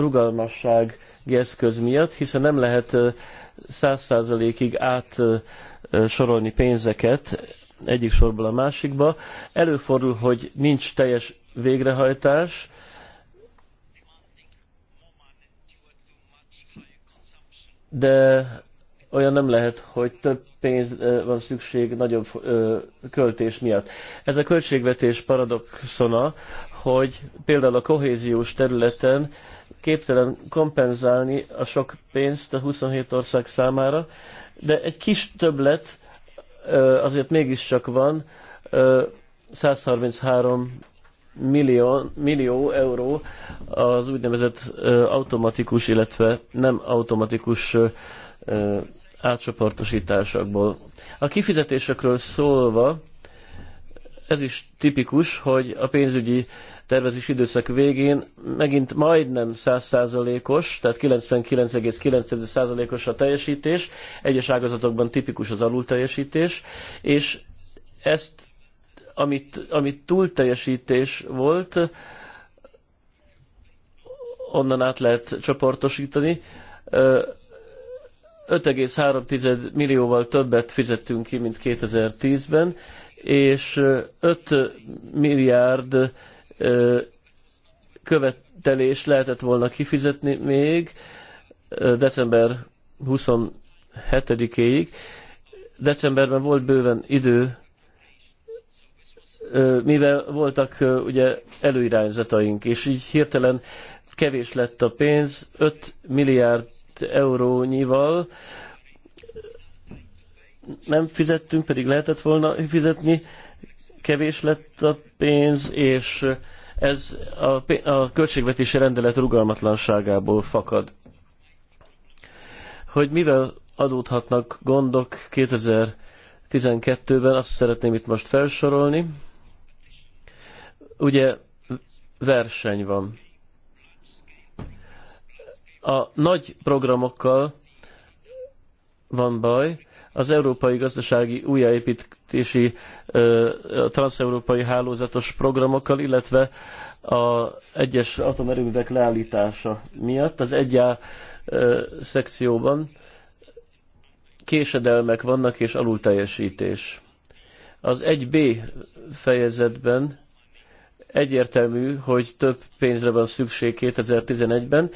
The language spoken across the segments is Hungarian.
rugalmasság eszköz miatt, hiszen nem lehet száz százalékig átsorolni pénzeket egyik sorból a másikba. Előfordul, hogy nincs teljes végrehajtás, de olyan nem lehet, hogy több pénz van szükség nagyobb költés miatt. Ez a költségvetés paradoxona, hogy például a kohéziós területen képtelen kompenzálni a sok pénzt a 27 ország számára, de egy kis többlet azért mégiscsak van, 133 millió, millió euró az úgynevezett automatikus, illetve nem automatikus átcsoportosításokból. A kifizetésekről szólva, ez is tipikus, hogy a pénzügyi tervezés időszak végén megint majdnem 100%-os, tehát 99,9%-os a teljesítés, egyes ágazatokban tipikus az alulteljesítés, és ezt, amit, amit túlteljesítés volt, onnan át lehet csoportosítani. 5,3 millióval többet fizettünk ki, mint 2010-ben, és 5 milliárd követelés lehetett volna kifizetni még december 27-éig. Decemberben volt bőven idő, mivel voltak ugye előirányzataink, és így hirtelen kevés lett a pénz, 5 milliárd eurónyival nem fizettünk, pedig lehetett volna fizetni kevés lett a pénz, és ez a, a költségvetési rendelet rugalmatlanságából fakad. Hogy mivel adódhatnak gondok 2012-ben, azt szeretném itt most felsorolni. Ugye verseny van. A nagy programokkal van baj, az európai gazdasági újjáépítési transeurópai hálózatos programokkal, illetve a egyes atomerőművek leállítása miatt az egyá szekcióban késedelmek vannak és alulteljesítés. Az 1B fejezetben egyértelmű, hogy több pénzre van szükség 2011-ben,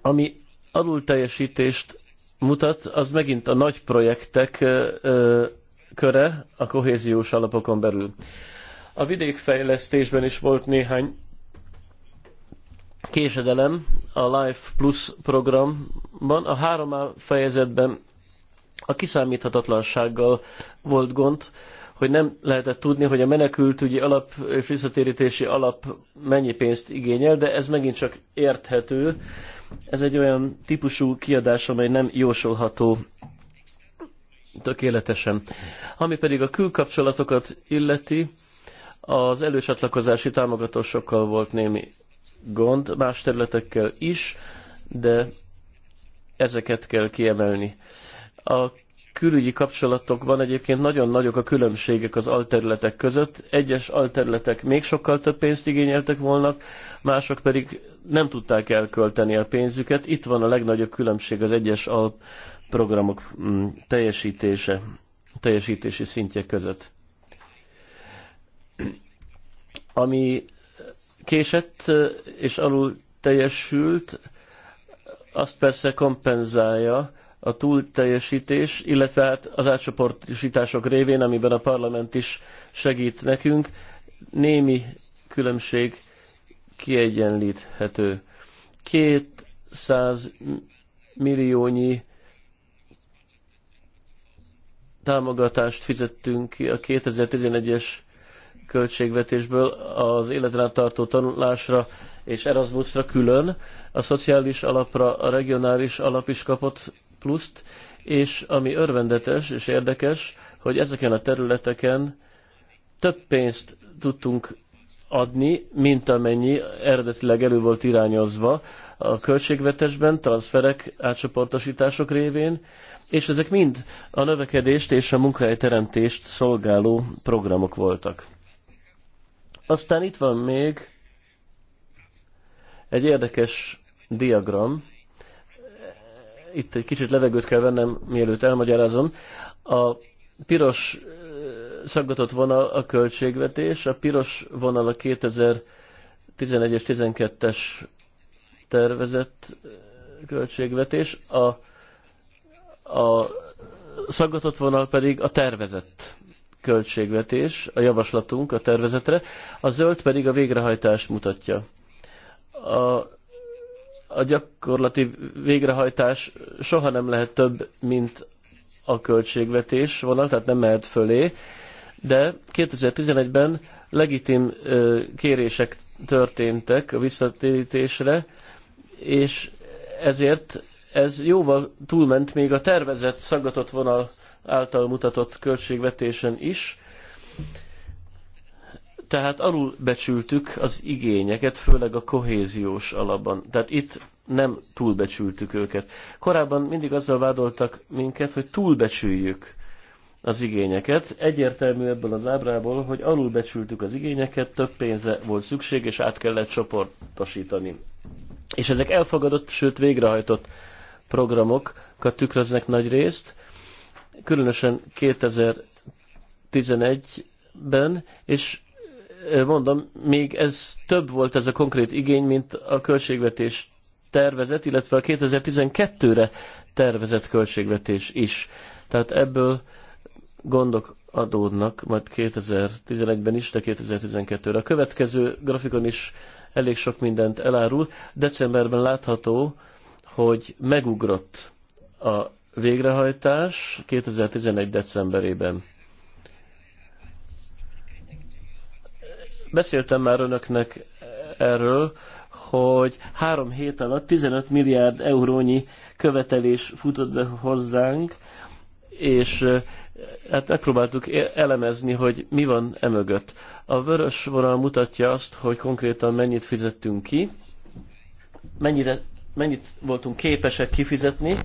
ami alulteljesítést mutat, az megint a nagy projektek ö, köre a kohéziós alapokon belül. A vidékfejlesztésben is volt néhány késedelem a Life Plus programban. A három a fejezetben a kiszámíthatatlansággal volt gond, hogy nem lehetett tudni, hogy a menekültügyi alap és visszatérítési alap mennyi pénzt igényel, de ez megint csak érthető, ez egy olyan típusú kiadás, amely nem jósolható tökéletesen. Ami pedig a külkapcsolatokat illeti, az elősatlakozási támogatósokkal volt némi gond, más területekkel is, de ezeket kell kiemelni. A külügyi kapcsolatokban egyébként nagyon nagyok a különbségek az alterületek között. Egyes alterületek még sokkal több pénzt igényeltek volna, mások pedig nem tudták elkölteni a pénzüket. Itt van a legnagyobb különbség az egyes alprogramok mm, teljesítése, teljesítési szintje között. Ami késett és alul teljesült, azt persze kompenzálja, a túlteljesítés, illetve hát az átcsoportosítások révén, amiben a parlament is segít nekünk, némi különbség kiegyenlíthető. 200 milliónyi támogatást fizettünk ki a 2011-es költségvetésből az életre tartó tanulásra és Erasmusra külön, a szociális alapra, a regionális alap is kapott pluszt, és ami örvendetes és érdekes, hogy ezeken a területeken több pénzt tudtunk adni, mint amennyi eredetileg elő volt irányozva a költségvetésben, transferek, átcsoportosítások révén, és ezek mind a növekedést és a munkahelyteremtést szolgáló programok voltak. Aztán itt van még egy érdekes diagram, itt egy kicsit levegőt kell vennem, mielőtt elmagyarázom. A piros szaggatott vonal a költségvetés, a piros vonal a 2011 és 12-es tervezett költségvetés, a, a szaggatott vonal pedig a tervezett költségvetés, a javaslatunk a tervezetre, a zöld pedig a végrehajtás mutatja. A a gyakorlati végrehajtás soha nem lehet több, mint a költségvetés vonal, tehát nem mehet fölé, de 2011-ben legitim kérések történtek a visszatérítésre, és ezért ez jóval túlment még a tervezett szaggatott vonal által mutatott költségvetésen is, tehát alul becsültük az igényeket, főleg a kohéziós alapban. Tehát itt nem túlbecsültük őket. Korábban mindig azzal vádoltak minket, hogy túlbecsüljük az igényeket. Egyértelmű ebből az ábrából, hogy alulbecsültük az igényeket, több pénze volt szükség, és át kellett csoportosítani. És ezek elfogadott, sőt végrehajtott programokat tükröznek nagy részt, különösen 2011-ben, és mondom, még ez több volt ez a konkrét igény, mint a költségvetés tervezet, illetve a 2012-re tervezett költségvetés is. Tehát ebből gondok adódnak majd 2011-ben is, de 2012-re. A következő grafikon is elég sok mindent elárul. Decemberben látható, hogy megugrott a végrehajtás 2011. decemberében. Beszéltem már önöknek erről, hogy három hét alatt 15 milliárd eurónyi követelés futott be hozzánk, és eh, hát megpróbáltuk elemezni, hogy mi van emögött. A vörös vonal mutatja azt, hogy konkrétan mennyit fizettünk ki, mennyire mennyit voltunk képesek kifizetni,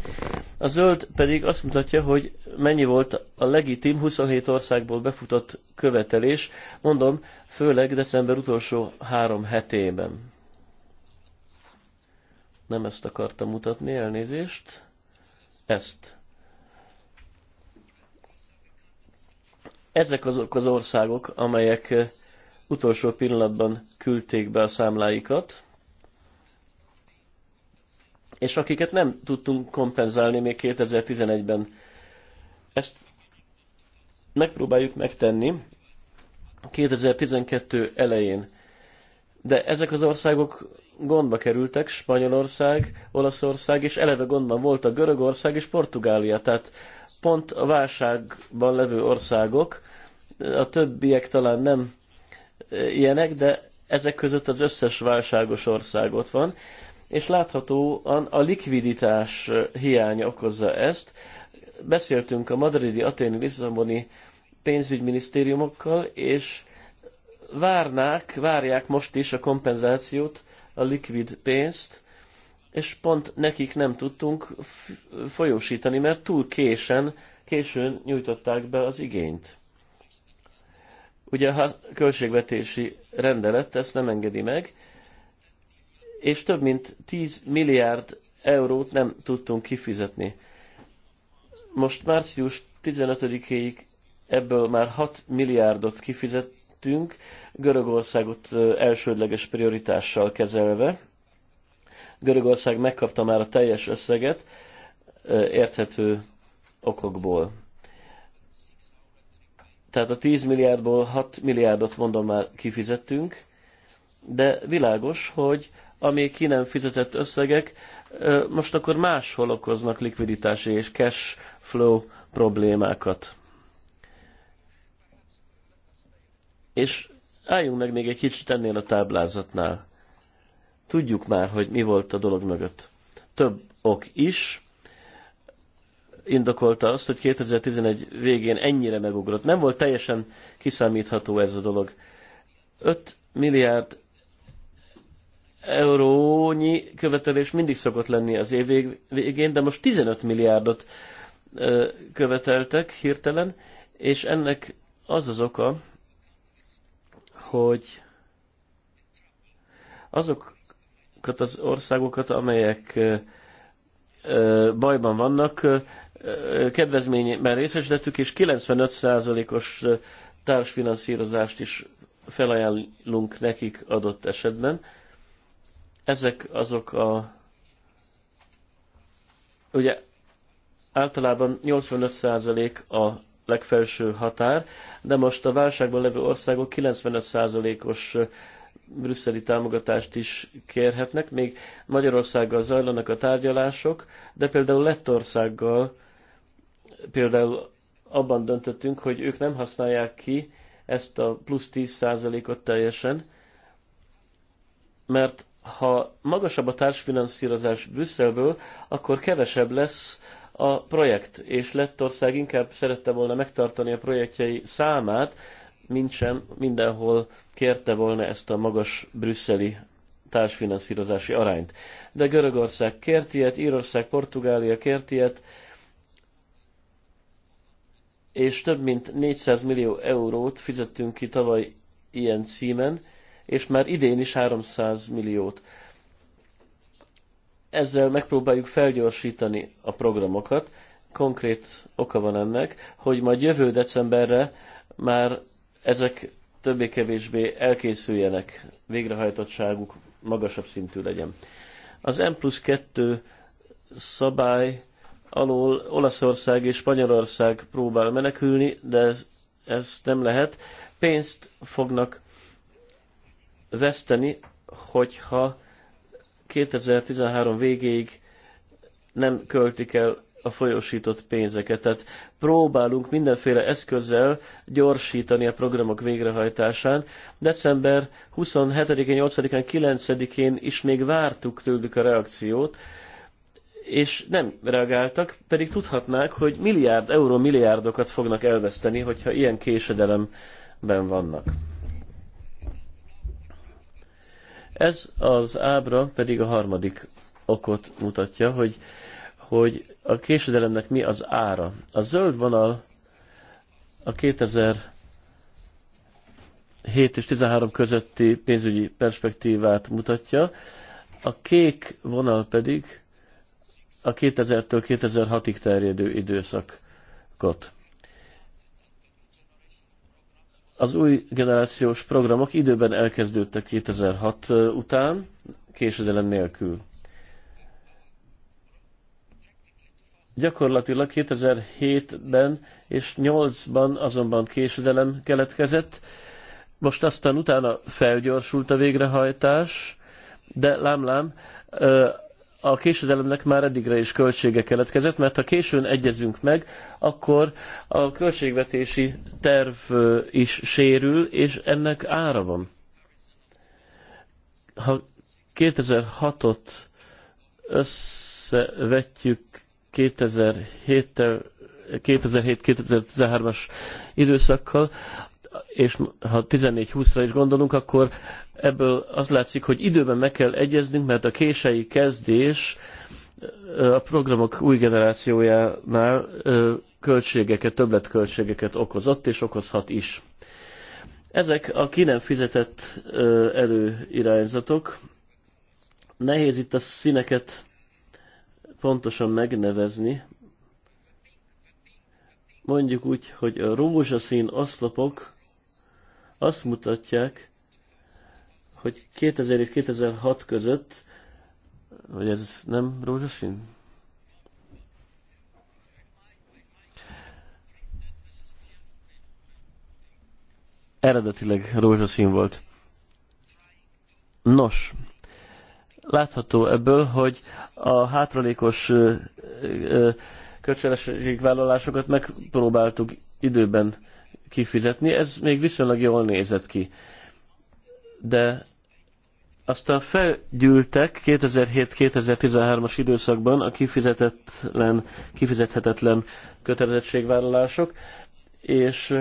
a zöld pedig azt mutatja, hogy mennyi volt a legitim 27 országból befutott követelés, mondom, főleg december utolsó három hetében. Nem ezt akartam mutatni, elnézést. Ezt. Ezek azok az országok, amelyek utolsó pillanatban küldték be a számláikat, és akiket nem tudtunk kompenzálni még 2011-ben. Ezt megpróbáljuk megtenni 2012 elején. De ezek az országok gondba kerültek, Spanyolország, Olaszország, és eleve gondban a Görögország és Portugália, tehát pont a válságban levő országok, a többiek talán nem eh, ilyenek, de ezek között az összes válságos ország ott van, és láthatóan a likviditás eh, hiánya okozza ezt. Beszéltünk a madridi, aténi, lisszaboni pénzügyminisztériumokkal, és várnák, várják most is a kompenzációt, a likvid pénzt, és pont nekik nem tudtunk folyósítani, mert túl késen, későn nyújtották be az igényt. Ugye a költségvetési rendelet ezt nem engedi meg, és több mint 10 milliárd eurót nem tudtunk kifizetni. Most március 15 éig ebből már 6 milliárdot kifizettünk, Görögországot elsődleges prioritással kezelve. Görögország megkapta már a teljes összeget érthető okokból. Tehát a 10 milliárdból 6 milliárdot mondom már kifizettünk, de világos, hogy a még ki nem fizetett összegek most akkor máshol okoznak likviditási és cash flow problémákat. És álljunk meg még egy kicsit ennél a táblázatnál. Tudjuk már, hogy mi volt a dolog mögött. Több ok is indokolta azt, hogy 2011 végén ennyire megugrott. Nem volt teljesen kiszámítható ez a dolog. 5 milliárd eurónyi követelés mindig szokott lenni az év végén, de most 15 milliárdot követeltek hirtelen, és ennek az az oka, hogy azokat az országokat, amelyek bajban vannak, kedvezményben részesítettük, és 95%-os társfinanszírozást is felajánlunk nekik adott esetben. Ezek azok a... Ugye általában 85% a legfelső határ, de most a válságban levő országok 95%-os brüsszeli támogatást is kérhetnek. Még Magyarországgal zajlanak a tárgyalások, de például Lettországgal például abban döntöttünk, hogy ők nem használják ki ezt a plusz 10%-ot teljesen, mert ha magasabb a társfinanszírozás Brüsszelből, akkor kevesebb lesz a projekt, és Lettország inkább szerette volna megtartani a projektjei számát, mint sem mindenhol kérte volna ezt a magas brüsszeli társfinanszírozási arányt. De Görögország kért ilyet, Írország, Portugália kért ilyet, és több mint 400 millió eurót fizettünk ki tavaly ilyen címen, és már idén is 300 milliót. Ezzel megpróbáljuk felgyorsítani a programokat. Konkrét oka van ennek, hogy majd jövő decemberre már ezek többé-kevésbé elkészüljenek, végrehajtottságuk magasabb szintű legyen. Az M plusz 2 szabály alól Olaszország és Spanyolország próbál menekülni, de ez, ez nem lehet. Pénzt fognak veszteni, hogyha 2013 végéig nem költik el a folyósított pénzeket. Tehát próbálunk mindenféle eszközzel gyorsítani a programok végrehajtásán. December 27-én, 8-án, 9-én is még vártuk tőlük a reakciót, és nem reagáltak, pedig tudhatnák, hogy milliárd euró milliárdokat fognak elveszteni, hogyha ilyen késedelemben vannak. Ez az ábra pedig a harmadik okot mutatja, hogy, hogy a késedelemnek mi az ára. A zöld vonal a 2000 7 és 13 közötti pénzügyi perspektívát mutatja, a kék vonal pedig a 2000-től 2006-ig terjedő időszakot. Az új generációs programok időben elkezdődtek 2006 után, késedelem nélkül. Gyakorlatilag 2007-ben és 2008-ban azonban késedelem keletkezett, most aztán utána felgyorsult a végrehajtás, de lámlám, -lám, a késedelemnek már eddigre is költsége keletkezett, mert ha későn egyezünk meg, akkor a költségvetési terv is sérül, és ennek ára van. Ha 2006-ot összevetjük 2007 2007 2007-2013-as időszakkal, és ha 14-20-ra is gondolunk, akkor ebből az látszik, hogy időben meg kell egyeznünk, mert a kései kezdés a programok új generációjánál költségeket, többletköltségeket okozott, és okozhat is. Ezek a ki nem fizetett előirányzatok. Nehéz itt a színeket pontosan megnevezni. Mondjuk úgy, hogy a rózsaszín oszlopok azt mutatják, hogy 2000 és 2006 között, vagy ez nem rózsaszín? Eredetileg rózsaszín volt. Nos, látható ebből, hogy a hátralékos kötelezettségvállalásokat megpróbáltuk időben kifizetni, ez még viszonylag jól nézett ki. De aztán felgyűltek 2007-2013-as időszakban a kifizetetlen, kifizethetetlen kötelezettségvállalások, és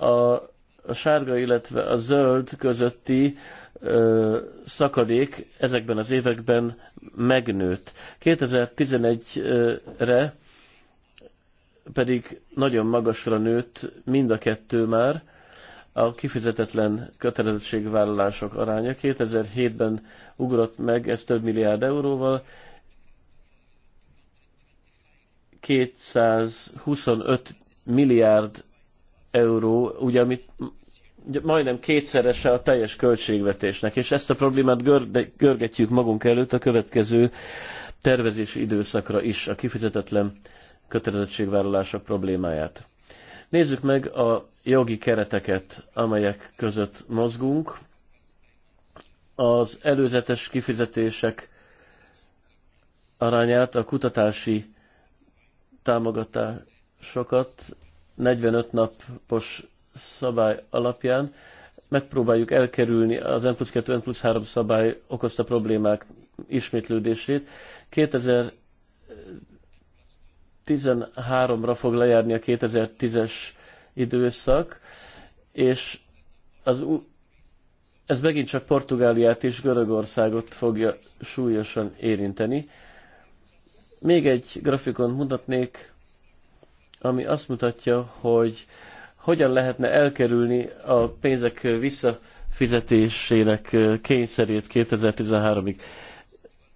a, a sárga, illetve a zöld közötti ö, szakadék ezekben az években megnőtt. 2011-re pedig nagyon magasra nőtt mind a kettő már, a kifizetetlen kötelezettségvállalások aránya 2007-ben ugrott meg, ez több milliárd euróval, 225 milliárd euró, ugye, amit ugye, majdnem kétszerese a teljes költségvetésnek, és ezt a problémát görgetjük magunk előtt a következő tervezési időszakra is, a kifizetetlen kötelezettségvállalások problémáját. Nézzük meg a jogi kereteket, amelyek között mozgunk. Az előzetes kifizetések arányát, a kutatási támogatásokat 45 napos szabály alapján megpróbáljuk elkerülni az N plusz 2, N plusz 3 szabály okozta problémák ismétlődését. 2000 13-ra fog lejárni a 2010-es időszak, és az, ez megint csak Portugáliát és Görögországot fogja súlyosan érinteni. Még egy grafikon mutatnék, ami azt mutatja, hogy hogyan lehetne elkerülni a pénzek visszafizetésének kényszerét 2013-ig.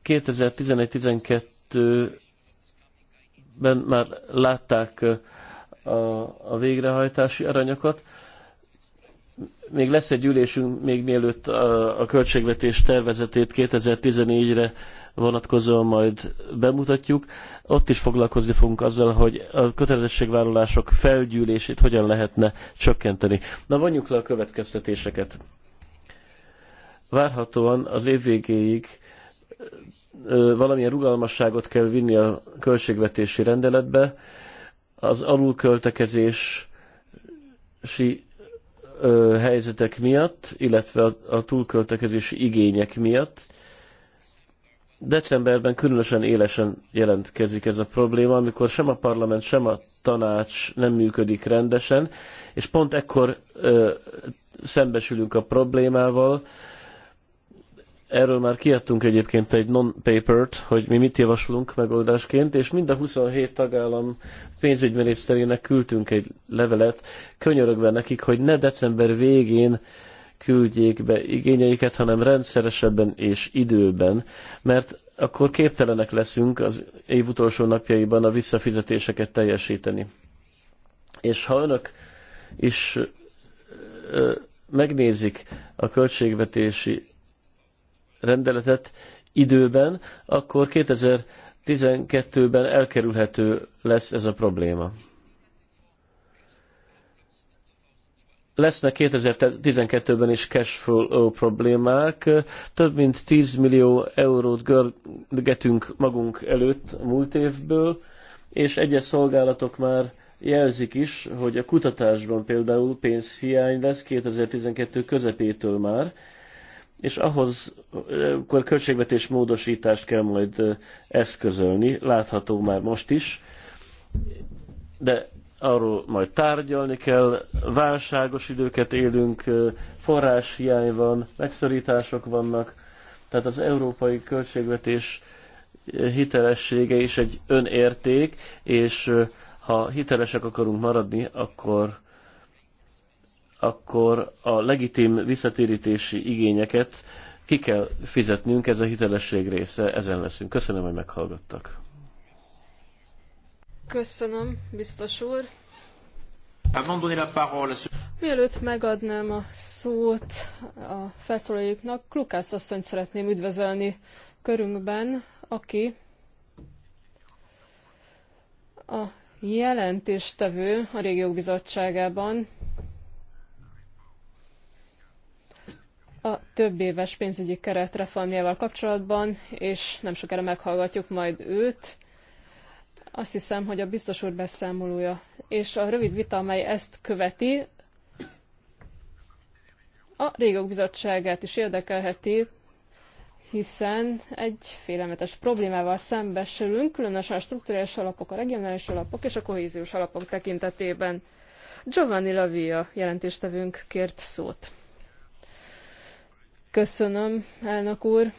2011-12 ben már látták a, a végrehajtási aranyokat. Még lesz egy ülésünk, még mielőtt a, a költségvetés tervezetét 2014-re vonatkozóan majd bemutatjuk. Ott is foglalkozni fogunk azzal, hogy a kötelezettségvállalások felgyűlését hogyan lehetne csökkenteni. Na vonjuk le a következtetéseket. Várhatóan az év végéig valamilyen rugalmasságot kell vinni a költségvetési rendeletbe, az alulköltekezési helyzetek miatt, illetve a túlköltekezési igények miatt. Decemberben különösen élesen jelentkezik ez a probléma, amikor sem a parlament, sem a tanács nem működik rendesen, és pont ekkor ö, szembesülünk a problémával, Erről már kiadtunk egyébként egy non-papert, hogy mi mit javaslunk megoldásként, és mind a 27 tagállam pénzügyminiszterének küldtünk egy levelet, könyörögve nekik, hogy ne december végén küldjék be igényeiket, hanem rendszeresebben és időben, mert akkor képtelenek leszünk az év utolsó napjaiban a visszafizetéseket teljesíteni. És ha önök is megnézik a költségvetési rendeletet időben, akkor 2012-ben elkerülhető lesz ez a probléma. lesznek 2012-ben is cashflow problémák. Több mint 10 millió eurót görgetünk magunk előtt a múlt évből, és egyes szolgálatok már jelzik is, hogy a kutatásban például pénzhiány lesz 2012 közepétől már, és ahhoz akkor költségvetés módosítást kell majd eszközölni, látható már most is, de arról majd tárgyalni kell, válságos időket élünk, forráshiány van, megszorítások vannak, tehát az európai költségvetés hitelessége is egy önérték, és ha hitelesek akarunk maradni, akkor akkor a legitim visszatérítési igényeket ki kell fizetnünk, ez a hitelesség része, ezen leszünk. Köszönöm, hogy meghallgattak. Köszönöm, biztos úr. Mielőtt megadnám a szót a felszólalóknak, Klukász asszonyt szeretném üdvözölni körünkben, aki a jelentéstevő a régiók bizottságában a több éves pénzügyi keretreformjával kapcsolatban, és nem sokára meghallgatjuk majd őt. Azt hiszem, hogy a biztos úr beszámolója és a rövid vita, amely ezt követi, a Régok Bizottságát is érdekelheti, hiszen egy félelmetes problémával szembesülünk, különösen a strukturális alapok, a regionális alapok és a kohéziós alapok tekintetében. Giovanni Lavia jelentéstevünk kért szót. Köszönöm, elnök úr.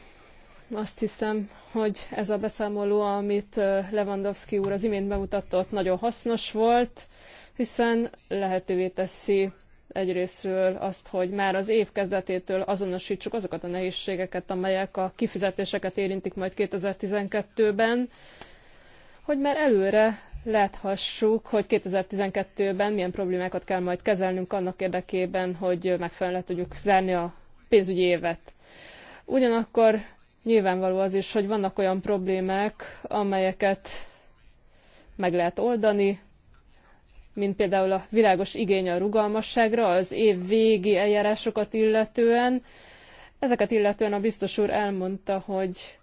Azt hiszem, hogy ez a beszámoló, amit Lewandowski úr az imént bemutatott, nagyon hasznos volt, hiszen lehetővé teszi egyrésztről azt, hogy már az év kezdetétől azonosítsuk azokat a nehézségeket, amelyek a kifizetéseket érintik majd 2012-ben, hogy már előre láthassuk, hogy 2012-ben milyen problémákat kell majd kezelnünk annak érdekében, hogy megfelelően tudjuk zárni a pénzügyi évet. Ugyanakkor nyilvánvaló az is, hogy vannak olyan problémák, amelyeket meg lehet oldani, mint például a világos igény a rugalmasságra, az év végi eljárásokat illetően. Ezeket illetően a biztos úr elmondta, hogy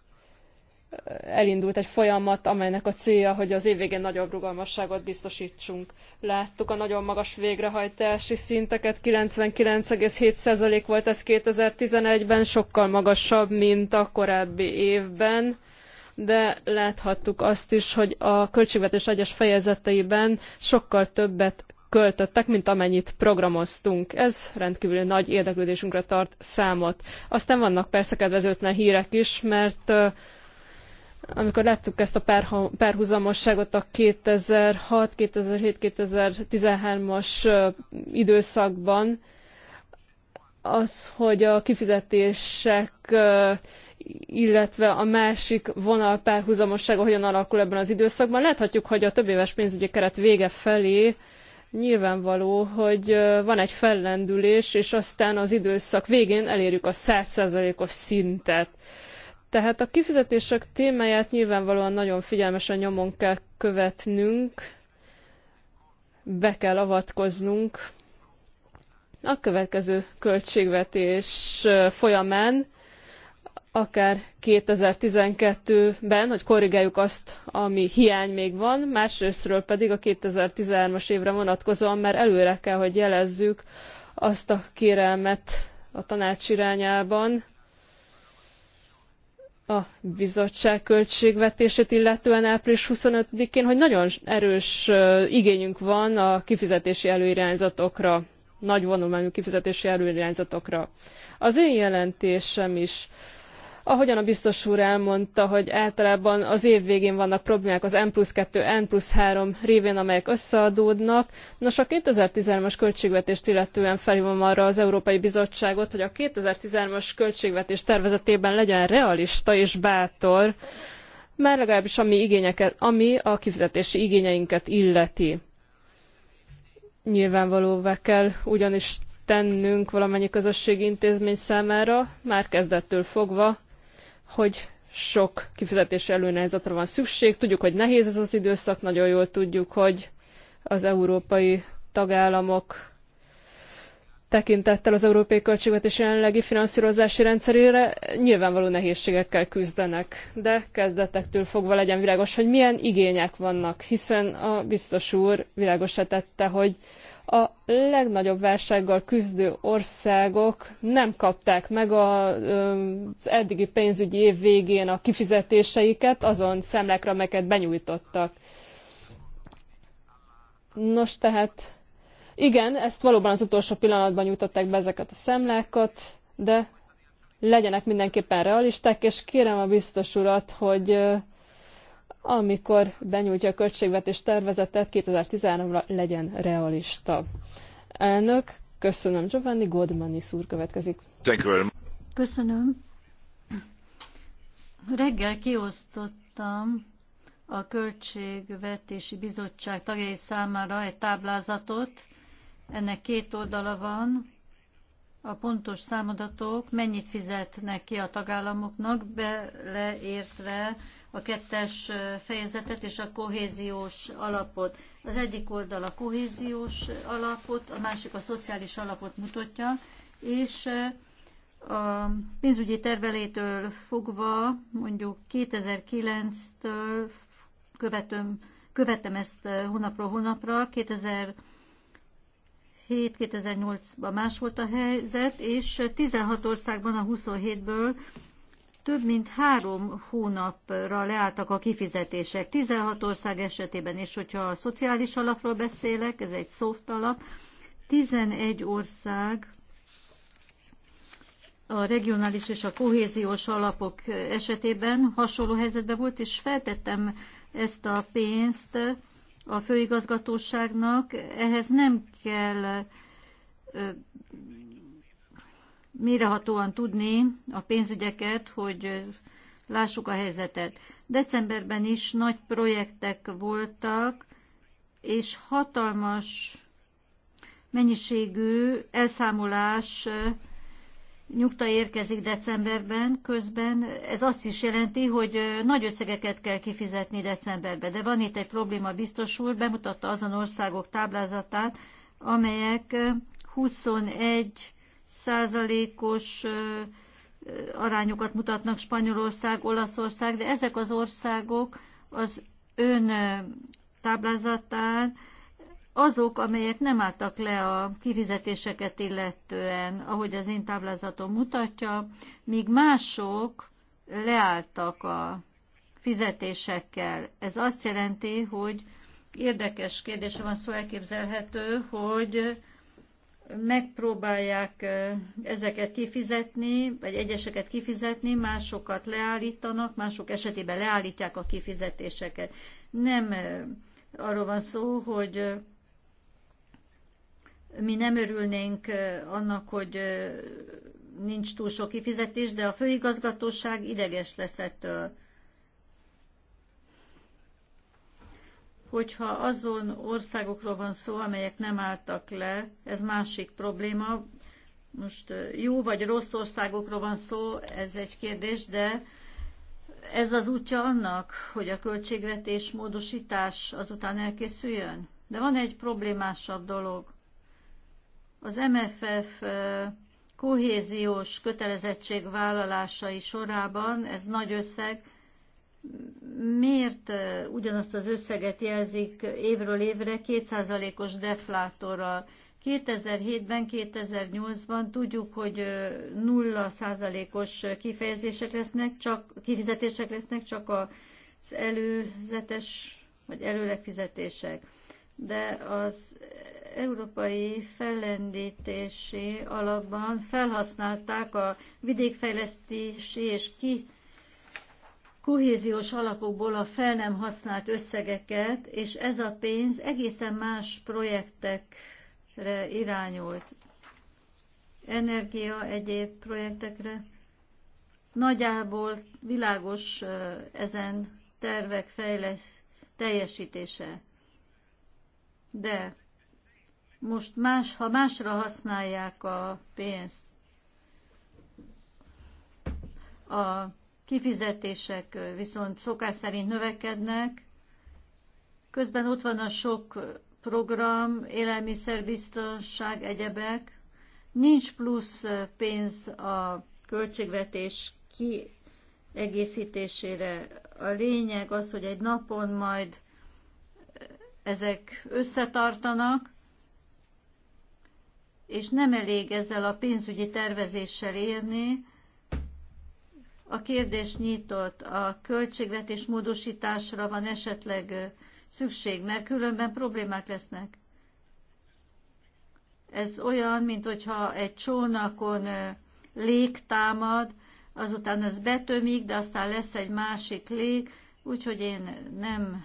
elindult egy folyamat, amelynek a célja, hogy az évvégén nagyobb rugalmasságot biztosítsunk. Láttuk a nagyon magas végrehajtási szinteket, 99,7% volt ez 2011-ben, sokkal magasabb, mint a korábbi évben de láthattuk azt is, hogy a költségvetés egyes fejezeteiben sokkal többet költöttek, mint amennyit programoztunk. Ez rendkívül nagy érdeklődésünkre tart számot. Aztán vannak persze kedvezőtlen hírek is, mert amikor láttuk ezt a párhuzamosságot a 2006, 2007, 2013-as időszakban, az, hogy a kifizetések, illetve a másik vonal párhuzamossága hogyan alakul ebben az időszakban. Láthatjuk, hogy a többéves pénzügyi keret vége felé nyilvánvaló, hogy van egy fellendülés, és aztán az időszak végén elérjük a 100%-os szintet. Tehát a kifizetések témáját nyilvánvalóan nagyon figyelmesen nyomon kell követnünk, be kell avatkoznunk a következő költségvetés folyamán, akár 2012-ben, hogy korrigáljuk azt, ami hiány még van, másrésztről pedig a 2013-as évre vonatkozóan már előre kell, hogy jelezzük azt a kérelmet a tanács irányában, a bizottság költségvetését illetően április 25-én, hogy nagyon erős igényünk van a kifizetési előirányzatokra, nagy vonulmányú kifizetési előirányzatokra. Az én jelentésem is Ahogyan a biztos úr elmondta, hogy általában az év végén vannak problémák az N plusz 2, N plusz 3 révén, amelyek összeadódnak. Nos, a 2013-as költségvetést illetően felhívom arra az Európai Bizottságot, hogy a 2013-as költségvetés tervezetében legyen realista és bátor, már legalábbis ami, igényeket, ami a kifizetési igényeinket illeti. Nyilvánvalóvá kell ugyanis tennünk valamennyi közösségi intézmény számára, már kezdettől fogva, hogy sok kifizetési előnyhelyzetre van szükség. Tudjuk, hogy nehéz ez az időszak, nagyon jól tudjuk, hogy az európai tagállamok tekintettel az európai költségvetés jelenlegi finanszírozási rendszerére nyilvánvaló nehézségekkel küzdenek, de kezdetektől fogva legyen világos, hogy milyen igények vannak, hiszen a biztos úr világosra tette, hogy a legnagyobb válsággal küzdő országok nem kapták meg az eddigi pénzügyi év végén a kifizetéseiket azon számlákra, amelyeket benyújtottak. Nos, tehát igen, ezt valóban az utolsó pillanatban nyújtották be ezeket a számlákat, de legyenek mindenképpen realisták, és kérem a biztos urat, hogy amikor benyújtja a költségvetés tervezetet 2013-ra legyen realista. Elnök, köszönöm Giovanni Godmani szúr következik. Köszönöm. Reggel kiosztottam a Költségvetési Bizottság tagjai számára egy táblázatot. Ennek két oldala van, a pontos számadatok mennyit fizetnek ki a tagállamoknak, beleértve a kettes fejezetet és a kohéziós alapot. Az egyik oldal a kohéziós alapot, a másik a szociális alapot mutatja, és a pénzügyi tervelétől fogva, mondjuk 2009-től követöm, követem ezt eh, hónapról hónapra, 2000 2007-2008-ban más volt a helyzet, és 16 országban a 27-ből több mint három hónapra leálltak a kifizetések. 16 ország esetében, és hogyha a szociális alapról beszélek, ez egy soft alap, 11 ország a regionális és a kohéziós alapok esetében hasonló helyzetben volt, és feltettem ezt a pénzt a főigazgatóságnak. Ehhez nem kell mérehatóan tudni a pénzügyeket, hogy lássuk a helyzetet. Decemberben is nagy projektek voltak, és hatalmas mennyiségű elszámolás nyugta érkezik decemberben, közben ez azt is jelenti, hogy nagy összegeket kell kifizetni decemberben. De van itt egy probléma, biztos úr, bemutatta azon országok táblázatát, amelyek 21 százalékos arányokat mutatnak Spanyolország, Olaszország, de ezek az országok az ön táblázatán azok, amelyek nem álltak le a kifizetéseket illetően, ahogy az én táblázatom mutatja, míg mások leálltak a fizetésekkel. Ez azt jelenti, hogy érdekes kérdés van szó elképzelhető, hogy megpróbálják ezeket kifizetni, vagy egyeseket kifizetni, másokat leállítanak, mások esetében leállítják a kifizetéseket. Nem arról van szó, hogy mi nem örülnénk annak, hogy nincs túl sok kifizetés, de a főigazgatóság ideges lesz ettől. Hogyha azon országokról van szó, amelyek nem álltak le, ez másik probléma. Most jó vagy rossz országokról van szó, ez egy kérdés, de ez az útja annak, hogy a költségvetés módosítás azután elkészüljön? De van egy problémásabb dolog. Az MFF kohéziós vállalásai sorában ez nagy összeg, miért ugyanazt az összeget jelzik évről évre 2%-os deflátorral? 2007-ben, 2008-ban tudjuk, hogy nulla os kifejezések lesznek, csak kifizetések lesznek, csak az előzetes vagy előleg fizetések. De az európai fellendítési alapban felhasználták a vidékfejlesztési és ki kohéziós alapokból a fel nem használt összegeket, és ez a pénz egészen más projektekre irányult. Energia, egyéb projektekre. Nagyjából világos ezen tervek fejlesztése, teljesítése. De most más, ha másra használják a pénzt, a kifizetések viszont szokás szerint növekednek, közben ott van a sok program, élelmiszerbiztonság, egyebek, nincs plusz pénz a költségvetés kiegészítésére. A lényeg az, hogy egy napon majd ezek összetartanak, és nem elég ezzel a pénzügyi tervezéssel érni. A kérdés nyitott, a költségvetés módosításra van esetleg szükség, mert különben problémák lesznek. Ez olyan, mint hogyha egy csónakon támad azután ez betömik, de aztán lesz egy másik lég, úgyhogy én nem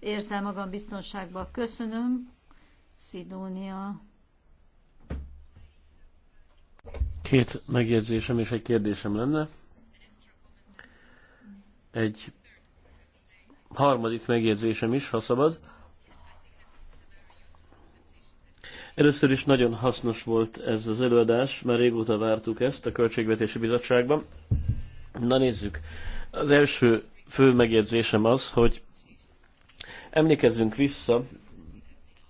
érzem magam biztonságban. Köszönöm, Szidónia. Két megjegyzésem és egy kérdésem lenne. Egy harmadik megjegyzésem is, ha szabad. Először is nagyon hasznos volt ez az előadás, mert régóta vártuk ezt a Költségvetési Bizottságban. Na nézzük. Az első fő megjegyzésem az, hogy emlékezzünk vissza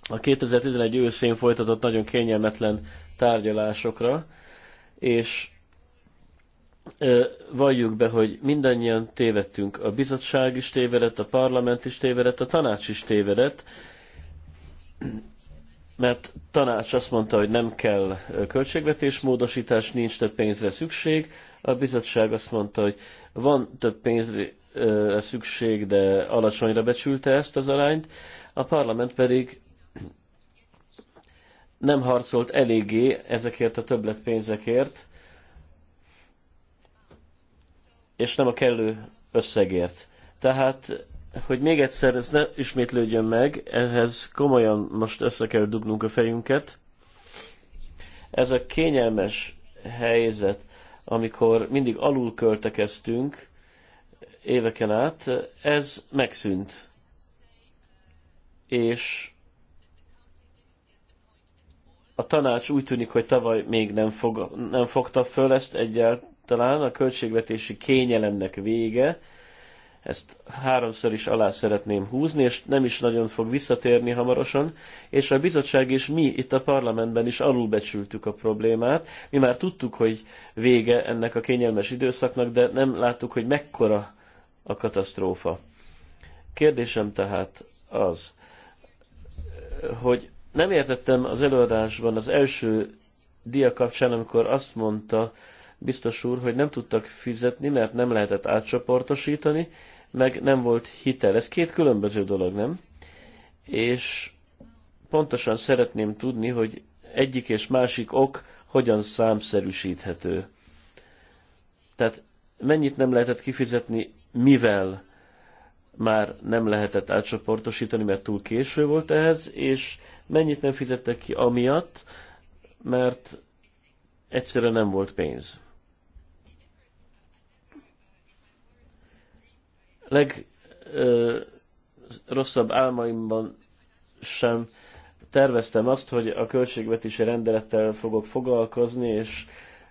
a 2011 őszén folytatott nagyon kényelmetlen tárgyalásokra, és valljuk be, hogy mindannyian tévedtünk. A bizottság is tévedett, a parlament is tévedett, a tanács is tévedett, mert tanács azt mondta, hogy nem kell költségvetésmódosítás, nincs több pénzre szükség, a bizottság azt mondta, hogy van több pénzre szükség, de alacsonyra becsülte ezt az arányt, a parlament pedig nem harcolt eléggé ezekért a többletpénzekért, és nem a kellő összegért. Tehát, hogy még egyszer ez ne ismétlődjön meg, ehhez komolyan most össze kell dugnunk a fejünket. Ez a kényelmes helyzet, amikor mindig alul költekeztünk éveken át, ez megszűnt. És a tanács úgy tűnik, hogy tavaly még nem, fog, nem fogta föl ezt egyáltalán, a költségvetési kényelemnek vége, ezt háromszor is alá szeretném húzni, és nem is nagyon fog visszatérni hamarosan, és a bizottság és mi itt a parlamentben is alulbecsültük a problémát. Mi már tudtuk, hogy vége ennek a kényelmes időszaknak, de nem láttuk, hogy mekkora a katasztrófa. Kérdésem tehát az, hogy nem értettem az előadásban az első dia kapcsán, amikor azt mondta biztos úr, hogy nem tudtak fizetni, mert nem lehetett átcsoportosítani, meg nem volt hitel. Ez két különböző dolog, nem? És pontosan szeretném tudni, hogy egyik és másik ok hogyan számszerűsíthető. Tehát mennyit nem lehetett kifizetni, mivel már nem lehetett átcsoportosítani, mert túl késő volt ehhez, és mennyit nem fizettek ki amiatt, mert egyszerűen nem volt pénz. Legrosszabb álmaimban sem terveztem azt, hogy a költségvetési rendelettel fogok foglalkozni, és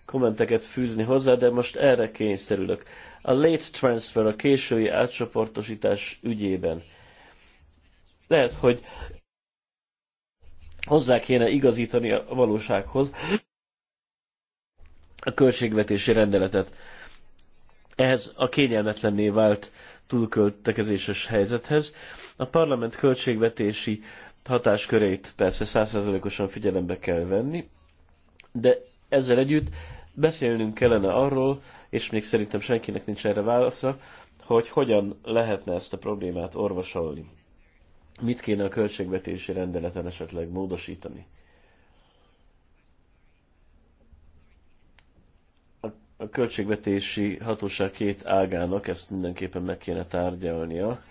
kommenteket fűzni hozzá, de most erre kényszerülök. A late transfer, a késői átcsoportosítás ügyében. Lehet, hogy hozzá kéne igazítani a valósághoz a költségvetési rendeletet. Ehhez a kényelmetlenné vált túlköltekezéses helyzethez. A parlament költségvetési hatásköreit persze százszerzalékosan figyelembe kell venni, de ezzel együtt beszélnünk kellene arról, és még szerintem senkinek nincs erre válasza, hogy hogyan lehetne ezt a problémát orvosolni mit kéne a költségvetési rendeleten esetleg módosítani. A költségvetési hatóság két ágának ezt mindenképpen meg kéne tárgyalnia.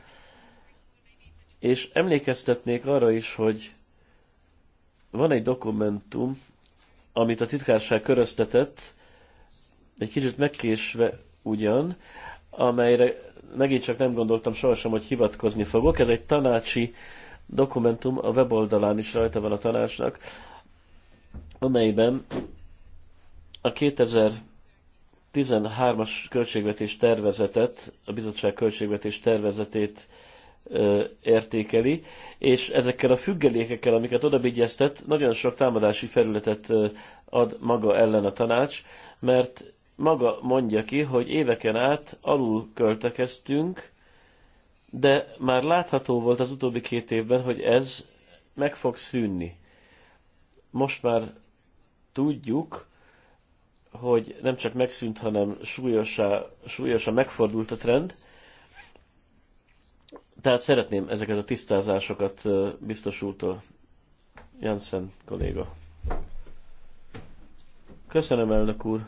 És emlékeztetnék arra is, hogy van egy dokumentum, amit a titkárság köröztetett, egy kicsit megkésve ugyan, amelyre megint csak nem gondoltam sohasem, hogy hivatkozni fogok. Ez egy tanácsi dokumentum, a weboldalán is rajta van a tanácsnak, amelyben a 2013-as költségvetés tervezetet, a bizottság költségvetés tervezetét ö, értékeli, és ezekkel a függelékekkel, amiket odabigyeztet, nagyon sok támadási felületet ö, ad maga ellen a tanács, mert maga mondja ki, hogy éveken át alul költekeztünk, de már látható volt az utóbbi két évben, hogy ez meg fog szűnni. Most már tudjuk, hogy nem csak megszűnt, hanem súlyosan, súlyosa megfordult a trend. Tehát szeretném ezeket a tisztázásokat biztos úrtól, Jansen kolléga. Köszönöm, elnök úr!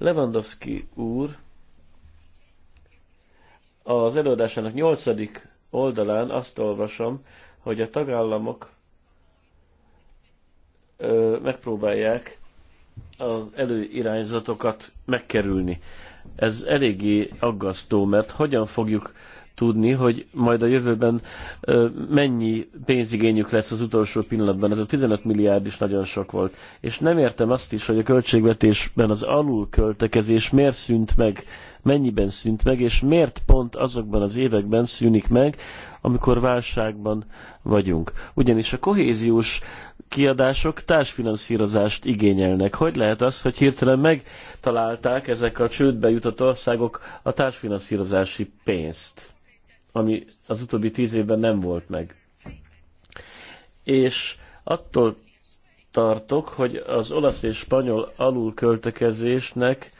Lewandowski úr az előadásának nyolcadik oldalán azt olvasom, hogy a tagállamok megpróbálják az előirányzatokat megkerülni. Ez eléggé aggasztó, mert hogyan fogjuk tudni, hogy majd a jövőben mennyi pénzigényük lesz az utolsó pillanatban. Ez a 15 milliárd is nagyon sok volt. És nem értem azt is, hogy a költségvetésben az alulköltekezés miért szűnt meg, mennyiben szűnt meg, és miért pont azokban az években szűnik meg, amikor válságban vagyunk. Ugyanis a kohéziós kiadások társfinanszírozást igényelnek. Hogy lehet az, hogy hirtelen megtalálták ezek a csődbe jutott országok a társfinanszírozási pénzt? ami az utóbbi tíz évben nem volt meg. És attól tartok, hogy az olasz és spanyol alulköltekezésnek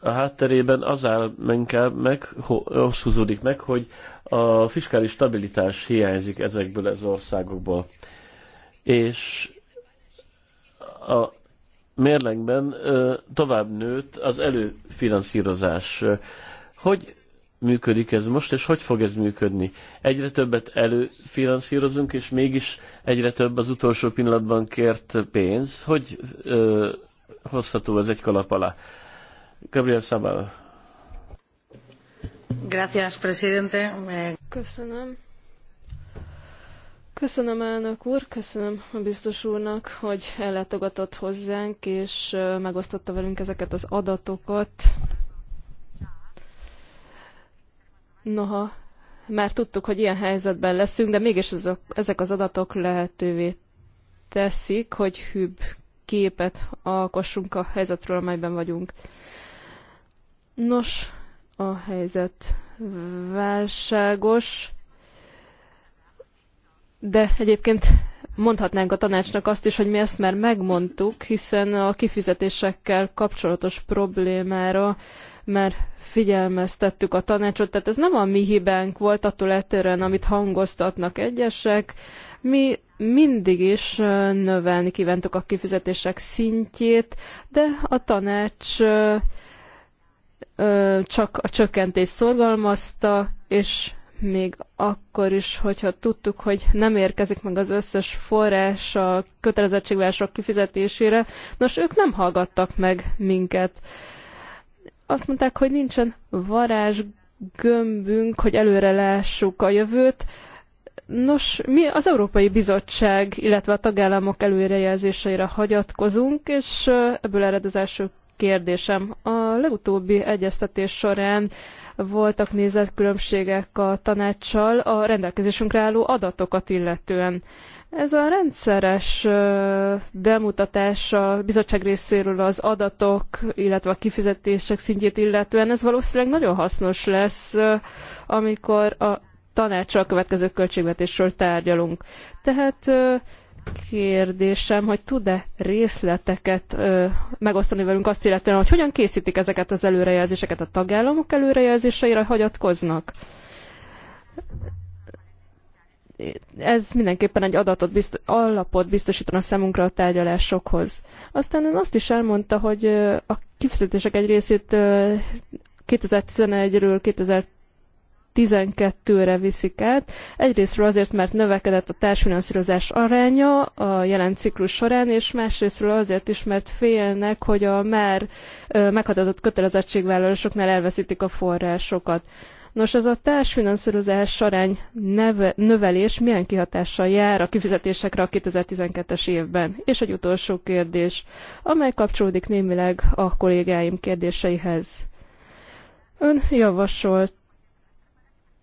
a hátterében az áll inkább meg, az húzódik meg, hogy a fiskális stabilitás hiányzik ezekből az országokból. És a mérlegben tovább nőtt az előfinanszírozás. Hogy működik ez most, és hogy fog ez működni? Egyre többet előfinanszírozunk, és mégis egyre több az utolsó pillanatban kért pénz. Hogy ö, hozható ez egy kalap alá? Gabriel Szabál. Gracias, presidente. Köszönöm. Köszönöm elnök úr, köszönöm a biztos úrnak, hogy ellátogatott hozzánk, és megosztotta velünk ezeket az adatokat, Noha már tudtuk, hogy ilyen helyzetben leszünk, de mégis azok, ezek az adatok lehetővé teszik, hogy hűbb képet alkossunk a helyzetről, amelyben vagyunk. Nos, a helyzet válságos, de egyébként mondhatnánk a tanácsnak azt is, hogy mi ezt már megmondtuk, hiszen a kifizetésekkel kapcsolatos problémára már figyelmeztettük a tanácsot, tehát ez nem a mi hibánk volt, attól eltérően, amit hangoztatnak egyesek. Mi mindig is növelni kívántuk a kifizetések szintjét, de a tanács csak a csökkentést szorgalmazta, és még akkor is, hogyha tudtuk, hogy nem érkezik meg az összes forrás a kötelezettségvások kifizetésére. Nos, ők nem hallgattak meg minket. Azt mondták, hogy nincsen varázsgömbünk, hogy előre lássuk a jövőt. Nos, mi az Európai Bizottság, illetve a tagállamok előrejelzéseire hagyatkozunk, és ebből ered az első kérdésem. A legutóbbi egyeztetés során voltak nézetkülönbségek a tanácssal a rendelkezésünkre álló adatokat illetően. Ez a rendszeres bemutatás a bizottság részéről az adatok, illetve a kifizetések szintjét illetően, ez valószínűleg nagyon hasznos lesz, amikor a tanácssal a következő költségvetésről tárgyalunk. Tehát kérdésem, hogy tud-e részleteket ö, megosztani velünk azt illetően, hogy hogyan készítik ezeket az előrejelzéseket a tagállamok előrejelzéseire hagyatkoznak? Ez mindenképpen egy adatot, bizt, alapot biztosítana számunkra a tárgyalásokhoz. Aztán ön azt is elmondta, hogy a kifizetések egy részét 2011-ről 12-re viszik át. Egyrésztről azért, mert növekedett a társfinanszírozás aránya a jelen ciklus során, és másrésztről azért is, mert félnek, hogy a már meghatározott kötelezettségvállalásoknál elveszítik a forrásokat. Nos, ez a társfinanszírozás arány neve, növelés milyen kihatással jár a kifizetésekre a 2012-es évben? És egy utolsó kérdés, amely kapcsolódik némileg a kollégáim kérdéseihez. Ön javasolt